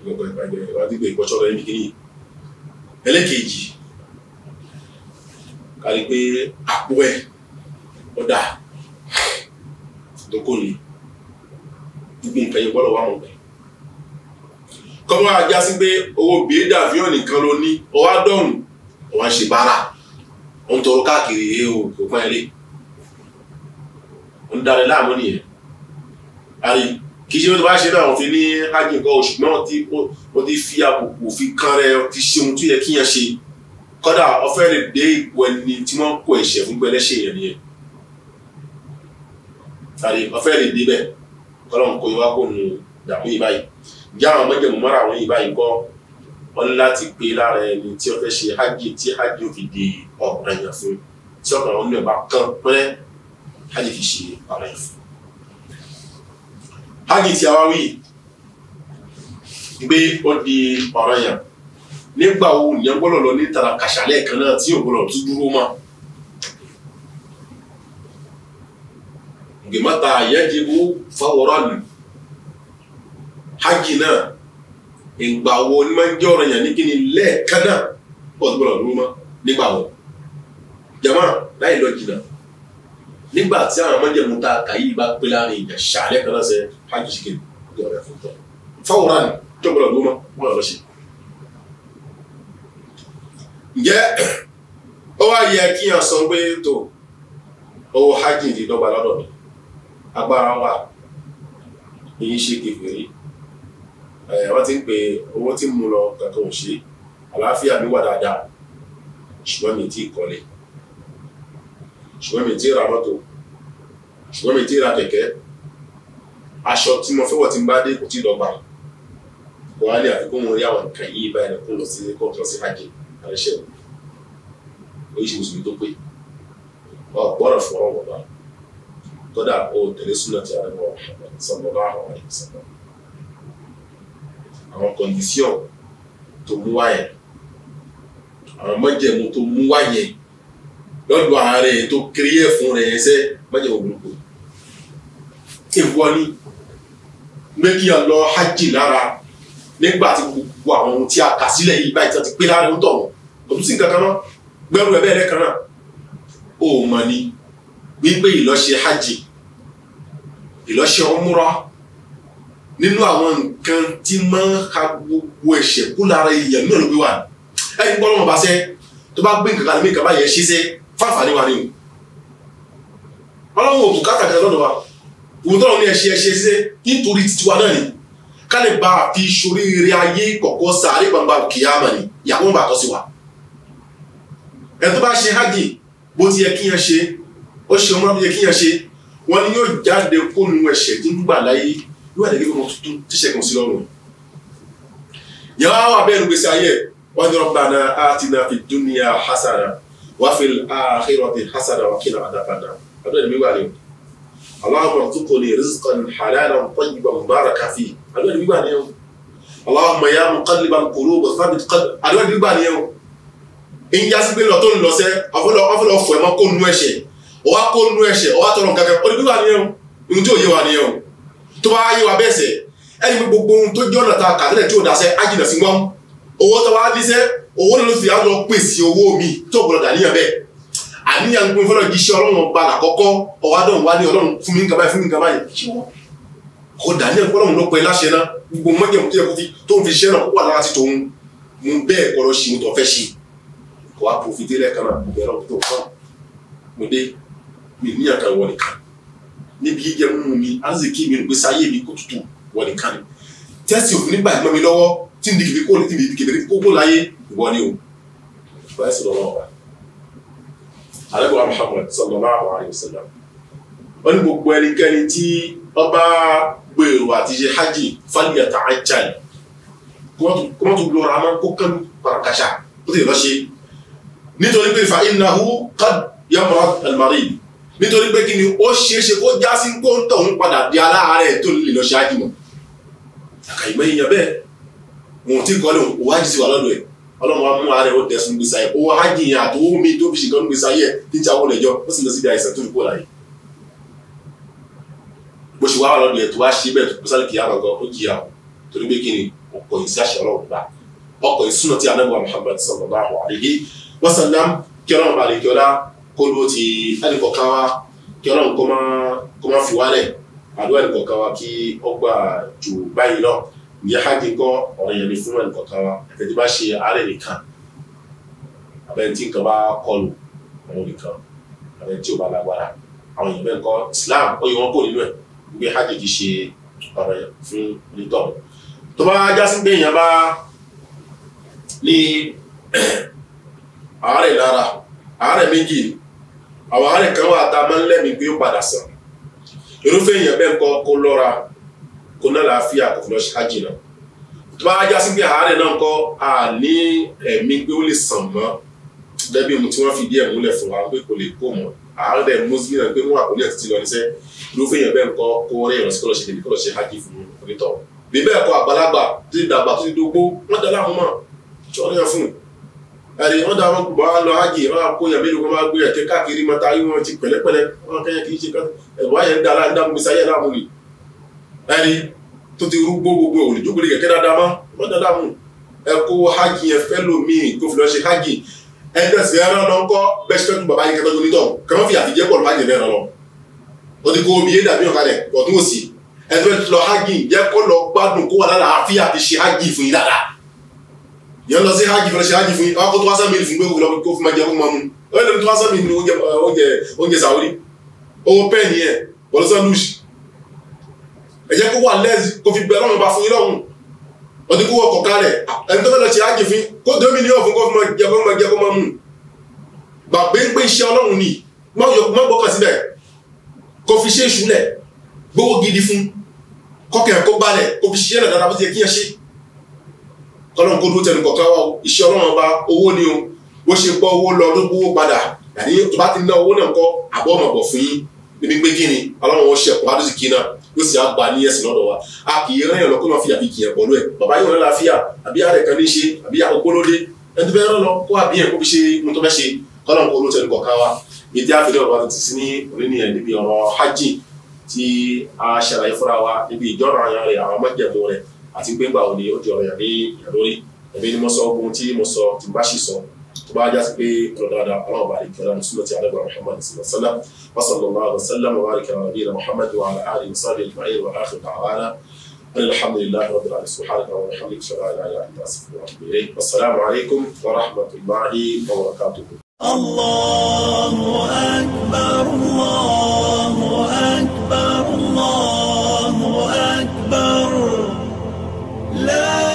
gbogbo ìgbàgbọ́ ìwà dídé ìgbọ́sọ̀rọ̀ ẹ̀mí kìíní ẹlẹ́kẹ̀ẹ́jì kárí pé àpò ẹ̀ ọ̀dà tó kò ní gbogbo nǹkan yẹn gbọ́dọ̀ wà mọ̀ bẹ́ẹ̀ kọ́mọ́ ajá sí pé owó bèé dàbí ọ̀nì kan ló ní ọwá dọ̀hùn ọwá ń ṣe bára ó ń tọrọ káàkiri ẹ o kò pọ́n ẹ lé ń darí láàmú nìyẹn àrí kì í ṣe bí wọ́n bá ṣe náà wọ́n fi ní ágì nǹkan oṣù náà tí wọ́n ti fi àbùkù òfin kan rẹ ti ṣe ohun tó yẹ kí yẹn ṣe kọ́dà ọ̀fẹ́ lè dé ipò ẹni tí wọ́n kó ẹ̀ṣẹ̀ fún pẹ́lẹ́ṣẹ̀ yẹn nìyẹn àrí ọ̀fẹ́ lè dé bẹ́ẹ̀ kọ́lọ́n kó yẹ wá kó nu dààmú báyìí já àwọn mọ́jẹ̀mú mọ́ra àwọn yìí báyìí kọ́ wọn láti pé lára ẹni tí wọ́n fẹ́ ṣe hajj tí hajj ò fi di ọ̀ràn yẹn fún tí ọkàn wọn nílò bá kán pẹ́rẹ́ hajj fi ṣe ọ̀ràn yẹn fún. hajj tí a wá wí gbé ó di ọ̀ràn yẹn nígbà wo ìyẹn gbọ́dọ̀ lọ ní tara kàṣálẹ̀ kan náà tí ò gbọ́dọ̀ tún dúró mọ́. gbèmọ́ta yẹ́jẹ̀ bó fáwọ́rọ́ nù hajj náà ìgbà wo ni máa ń jẹ́ ọ̀rọ̀ yàn ní kí ni lẹ́ẹ̀kan náà pọ̀ tó gbọ́dọ̀ dúró mọ́ nígbà wo jama láì lọ jìnnà nígbà tí àwọn ọmọdéjẹ̀mú ta kàyí bá pé láàrin ìjà ṣàlẹ̀ kan náà sẹ́ hajj ṣìkè ní ọ̀rẹ́ fún tọ́ fáwọ̀rán tó gbọ́dọ̀ dúró mọ́ gbọ́dọ̀ lọ sí. wá yẹ kí hàn sọ pé tó owó hajj di dọ́gba lọ́dọ̀ mi agbára wa èyí ṣe kékeré Eh, wọ́n ti ń pe owó tí mo lọ kankan ò ṣe àlàáfíà mi wà dáadáa ṣùgbọ́n mi ti kọ́lé ṣùgbọ́n mi ti ra mọ́tò ṣùgbọ́n mi ti ra kẹ̀kẹ́ aṣọ tí mo fẹ́ wọ̀ tí n bá dé kò tí ì dọ́gba buhari àfikún wọn rí àwọn nǹkan yìí báyìí lọ kó lọ sí kó lọ sí hajj àrẹsẹ oríṣiríṣi tó pé ọ gbọ́dọ̀ fọwọ́ wọn bá kódà ó tẹ̀lé súnà tí a lè wọ sọgbọn bá àwọn ọmọ yìí àwọn condition tó mú wá yẹn àwọn májẹ̀mú tó mú wá yẹn lọ́dọ̀ ààrẹ tó kéré fún rẹ̀ yẹn sẹ́ májẹ̀mú burúkú èèwọ̀ ni méjì lọ hajj lára nígbà tí gbogbo àwọn ohun tí a kà sílẹ̀ yìí báyìí tí wọ́n ti pé lára ń tọ̀ wọ́n kò tún sí nǹkan kan náà gbẹ́rù ẹ̀ bẹ́ẹ̀ lẹ́kan náà ó mọ̀ ni wípé ìlọ́ṣe hajj ìlọ́ṣe ọmúra nínú àwọn nǹkan tí máa ń ka gbogbo ẹ̀ṣẹ̀ kó lára ìyà náà ló gbé wà ẹ̀yin gbọ́dọ̀ mọ̀ bá sẹ́ tó bá gbé nǹkan kan lómi ìkàbá yẹn ṣe sẹ́ fáfàní wa ni o ọlọ́run òkú kátàkátà lọ́dọ̀ wa òun tọ́lọ́ ní ẹ̀ṣẹ̀ ẹ̀ṣẹ̀ ṣe nítorí titiwa náà ni ká lè bá a fi ṣoríire ayé kọ̀kọ́ sàárè gbangba kìyàmà ni ìyàwó ń bàtọ́ sí wa ẹ̀ tó bá ṣe hajj bó ti yẹ kíyàn ṣe ó ṣe ọmọ bí yẹ kíyàn ṣe wọn ni yóò jáde kó nu ẹ̀ṣẹ̀ tó gbà láyé ló wà lẹ́yìn ọmọ tuntun tíṣẹ́ kan sí lọ́rùn. yàrá wà bẹ́ẹ̀ lùgbèsè ayé wọ́n dọ̀rọ̀ bàná àtinà fi dúnìyà hasana wà fi àhírọ̀tì hasana wà kí náà dàbàdà àdúrà ni mi wà lẹ́yìn. aláwọ̀ tó kò lè rìsíkọ̀ ní halalan tayyiban mubarakan fi àdúrà ni mi wà lẹ́yìn. aláwọ̀ ya muqallibal qulub thabbit qalbi àdúrà ni mi wà lẹ́yìn. ìyá sí pé lọ tó ń lọ sẹ́ ọ̀fọ̀lọ́ fọ̀ kó nu ẹ̀ṣẹ̀ ọwá kó nu ẹ̀ṣẹ̀ ọwá tọrọ nǹkan kan ó wà nìyẹn o ohun tí ò yé wa nìyẹn o tó bá yé wa bẹ́ẹ̀ sẹ́ ẹni pé gbogbo ohun tó jẹ́ ọ̀nà ta kàtẹ́lẹ̀ tí ò dáṣẹ́ á jìnà sí wọn owó tó bá díṣẹ́ owó ló fi á lọ pèsè owó mi tó gbọdọ̀ dàníyàn bẹ́ẹ̀ àníyàn gbogbo ìfọdọ̀ jíṣẹ́ ọlọ́run ọba làkọ́kọ́ ọ̀wádọ́n wá ní ọlọ́run fún mi nǹkan báyìí fún mi nǹkan báyìí ṣé wọ́n kò dàníyàn gbọ́dọ̀ ló pẹ́ láṣẹ náà gbogbo mọ́jẹ̀mú tó yẹ kó fi tó ń fi ṣiṣẹ́ náà kó wà lára ti tòun mú bẹ́ẹ̀ kọ́ lọ ṣe mo tọ́ fẹ́ ṣe kó wá profité lẹ́ẹ̀kan náà níbi jíjẹ mímu mi azikí mi ìgbésí ayé mi kò tuntun wọ nìkan ni tẹ́sí òfin nígbà ìmọ̀ mi lọ́wọ́ tí n di kìbí kóòlù tí n di kìbí kókó láyé ìwọ ni o ìwọ ẹ̀ sọ̀rọ̀ lọ́wọ́ alẹ́ bọ̀ Muhammad sallallahu alayhi wa sallam wọ́n ní gbogbo ẹnikẹ́ni tí ọba gbèrò àti ṣe hajj fálíyàtà ajal kọ́mọ́tò lọ́ra máa kó kánú parakasa ó ti lọ́ ṣe nítorí pé fa innahu qad yamrat al nítorí pé kí ni ó ṣeéṣe kó já sí kó ń tọ̀hún padà di aláàárẹ̀ tó lè lọ ṣáájú mọ́ àkàìmọ́ èèyàn bẹ́ẹ̀ wọn ò tí kọ́ lóun òwò àjẹsí wà lọ́dọ̀ ẹ̀ ọlọ́run wa mú ààrẹ ó tẹ̀sùn gbèsè ayé òwò àjìyàn àti owó mi tó fi ṣìkan gbèsè ayé tí ń ta owó lẹ́jọ́ ó sì lọ síbi àìsàn tó fi kó láyé bó ṣe wá wà lọ́dọ̀ ẹ̀ tó wá ṣe bẹ́ẹ̀ tó sáré kìí àgbàgbọ́ ó jìyà o torí pé kí ni ọkọ̀ yìí sí àṣà ọlọ́run bá ọkọ̀ yìí súnà tí anábọ̀ Muhammad sallallahu alaihi wasallam kí ọlọ́run kó dúró ti ẹnìkọ̀ọ̀kan wa kí ọlọ́run kó má kó má fi wálẹ̀ àdúrà ẹnìkọ̀ọ̀kan wa kí ó gbà jù báyìí lọ ìyá hajj kọ́ ọ̀rọ̀ yẹn ni fún ẹnìkọ̀ọ̀kan wa ẹ̀tẹ̀ tí bá ṣe àárẹ̀ nìkan abẹ́ni tí nǹkan bá kọlù àwọn nìkan abẹ́ni tí ò bá lágbára àwọn èèyàn bẹ́ẹ̀ kọ́ Islam ó yẹ wọ́n kó nínú ẹ̀ gbé hajj kì í ṣe ọ̀rọ̀ yẹn fún onítọ̀ tó bá jásí pé èèyàn bá ní àárẹ̀ lára àárẹ̀ méjì àwọn àárẹ̀ kan wà tá a máa ń lẹ́mìí pé ó padà sàn irúfẹ́ èèyàn bẹ́ẹ̀ kọ́ kó lọ́ra kó náà láàfin àkókò lọ́ọ́ ṣáájì náà tó bá já sí pé àárẹ̀ náà kọ́ à ní ẹ̀mí pé ó lè sàn mọ́ dẹ́bí mu tí wọ́n fi díẹ̀ múlẹ̀ fún wa pé kò lè kó mọ́ àárẹ̀ mùsùlùmí náà pé wọ́n àkóní àti ti lọ níṣẹ́ irúfẹ́ èèyàn bẹ́ẹ̀ kọ́ kó rẹ̀ ìrànṣẹ́ kọ́ lọ́ọ́ ṣe kọ́ lọ́ọ́ ṣe hájì fún onítọ̀ bí bẹ́ẹ̀ kọ́ ẹ̀rí wọ́n dáa wọn kò bá wá lọ ájì wọ́n á kó yàn mélòó kó máa gbé ẹ̀kẹ́ káàkiri mọ́ta ayé wọn ti pẹ̀lẹ́pẹ̀lẹ́ wọn kẹ́yìn kì í ṣe ẹ̀wá yẹn dáa láńdá musa yẹn láàmú ni ẹ̀rí tó ti rúgbó gbogbo òòlù jókòó lè kẹ́kẹ́ dáadáa mọ́ wọ́n dáadáa mú ẹ kó ájì yẹn fẹ́ lómi tó fi lọ́ ṣe ájì ẹ̀ẹ́dẹ̀sì ẹran lọ ń kọ́ bẹ́ṣítọ́tù bàbá yẹn kẹ́tọ́jú nítọ̀ kẹ́mọ́ fi àfijẹ́ pọ̀ lọ́ba yẹn mẹ́ran lọ o ti kó omi yé dàbí ọ̀kalẹ̀ ọ̀tún òsì ẹ̀ẹ́dẹ̀sì lọ ájì yẹ kó lọ gbádùn kó wà lálàáfíà fi ṣe ájì fún yín dáadáa yẹn lọ sí hajj fún ẹ ṣe hajj fún yín wọn kó tíwáṣán mi fún pé kó fún ma jẹ kó ma mu ó lè tíwáṣán mi ní oúnjẹ oúnjẹ oúnjẹ sàwórí owó pẹ́ẹ́nì yẹn bọ̀lọ́sán lùsì ẹ jẹ́ kó wà lẹ́ẹ̀sì kó fi bẹ̀rẹ̀ ọ̀nà bá fún yín lọ́hùn ọdí kó wọ kọ̀ọ̀ká rẹ̀ ẹni tó fẹ́ lọ ṣe hajj fún kó domi ní ọ̀fun kó fún ma jẹ kó ma jẹ kó ma mu gbàgbé ń pé iṣẹ́ ọlọ́run ni má gbọ́kàn síbẹ̀ kó fi ṣe ìṣúlẹ̀ gbówó kọ́lọ́n kó dúró tẹnu kọ̀ọ̀kan wa o iṣẹ́ ọlọ́run ọba owó ni o bó ṣe bọ́ owó lọ ló gbówó padà yàní tó bá ti ná owó náà kọ́ àbọ̀ ọmọ bọ̀ fún yín níbi pé kí ni ọlọ́run wọn ṣẹ̀kọ́ adúsí kí náà yóò sì á gba ní ẹ̀sìn lọ́dọ̀ wa a kì í rán yàn lọ kó máa fi àbí kìyàn pọ̀lú ẹ̀ bàbá yóò rán láàfíà àbí àrẹ kan ní ṣe àbí àkókólódé ẹni tó fẹ́ rán lọ kó àbí wa ìdí àfihàn ọ̀rọ̀ ti sí ní oníníyàn níbi ọ̀rọ̀ hajj tí a ṣàlàyé fúnra wa àti pé gbà òní ó di ọ̀rọ̀ yàn ní ìyàn lórí ẹ̀mí ni mo sọ ohun tí mo sọ tí mo bá sì sọ tó bá já sí pé ọ̀rọ̀ dáadáa ọlọ́run ọba àdìkẹ́ ọ̀rọ̀ àdìsúnà ti àdàgbà Muhammad sallam wasallallahu alaihi wasallam wa barika ala nabiyina Muhammad wa ala alihi wa sahbihi ajma'in wa akhir da'wana alhamdulillahi rabbil alamin subhanaka wa bihamdika ashhadu an la ilaha illa anta astaghfiruka wa atubu ilayk الله أكبر الله أكبر الله أكبر love.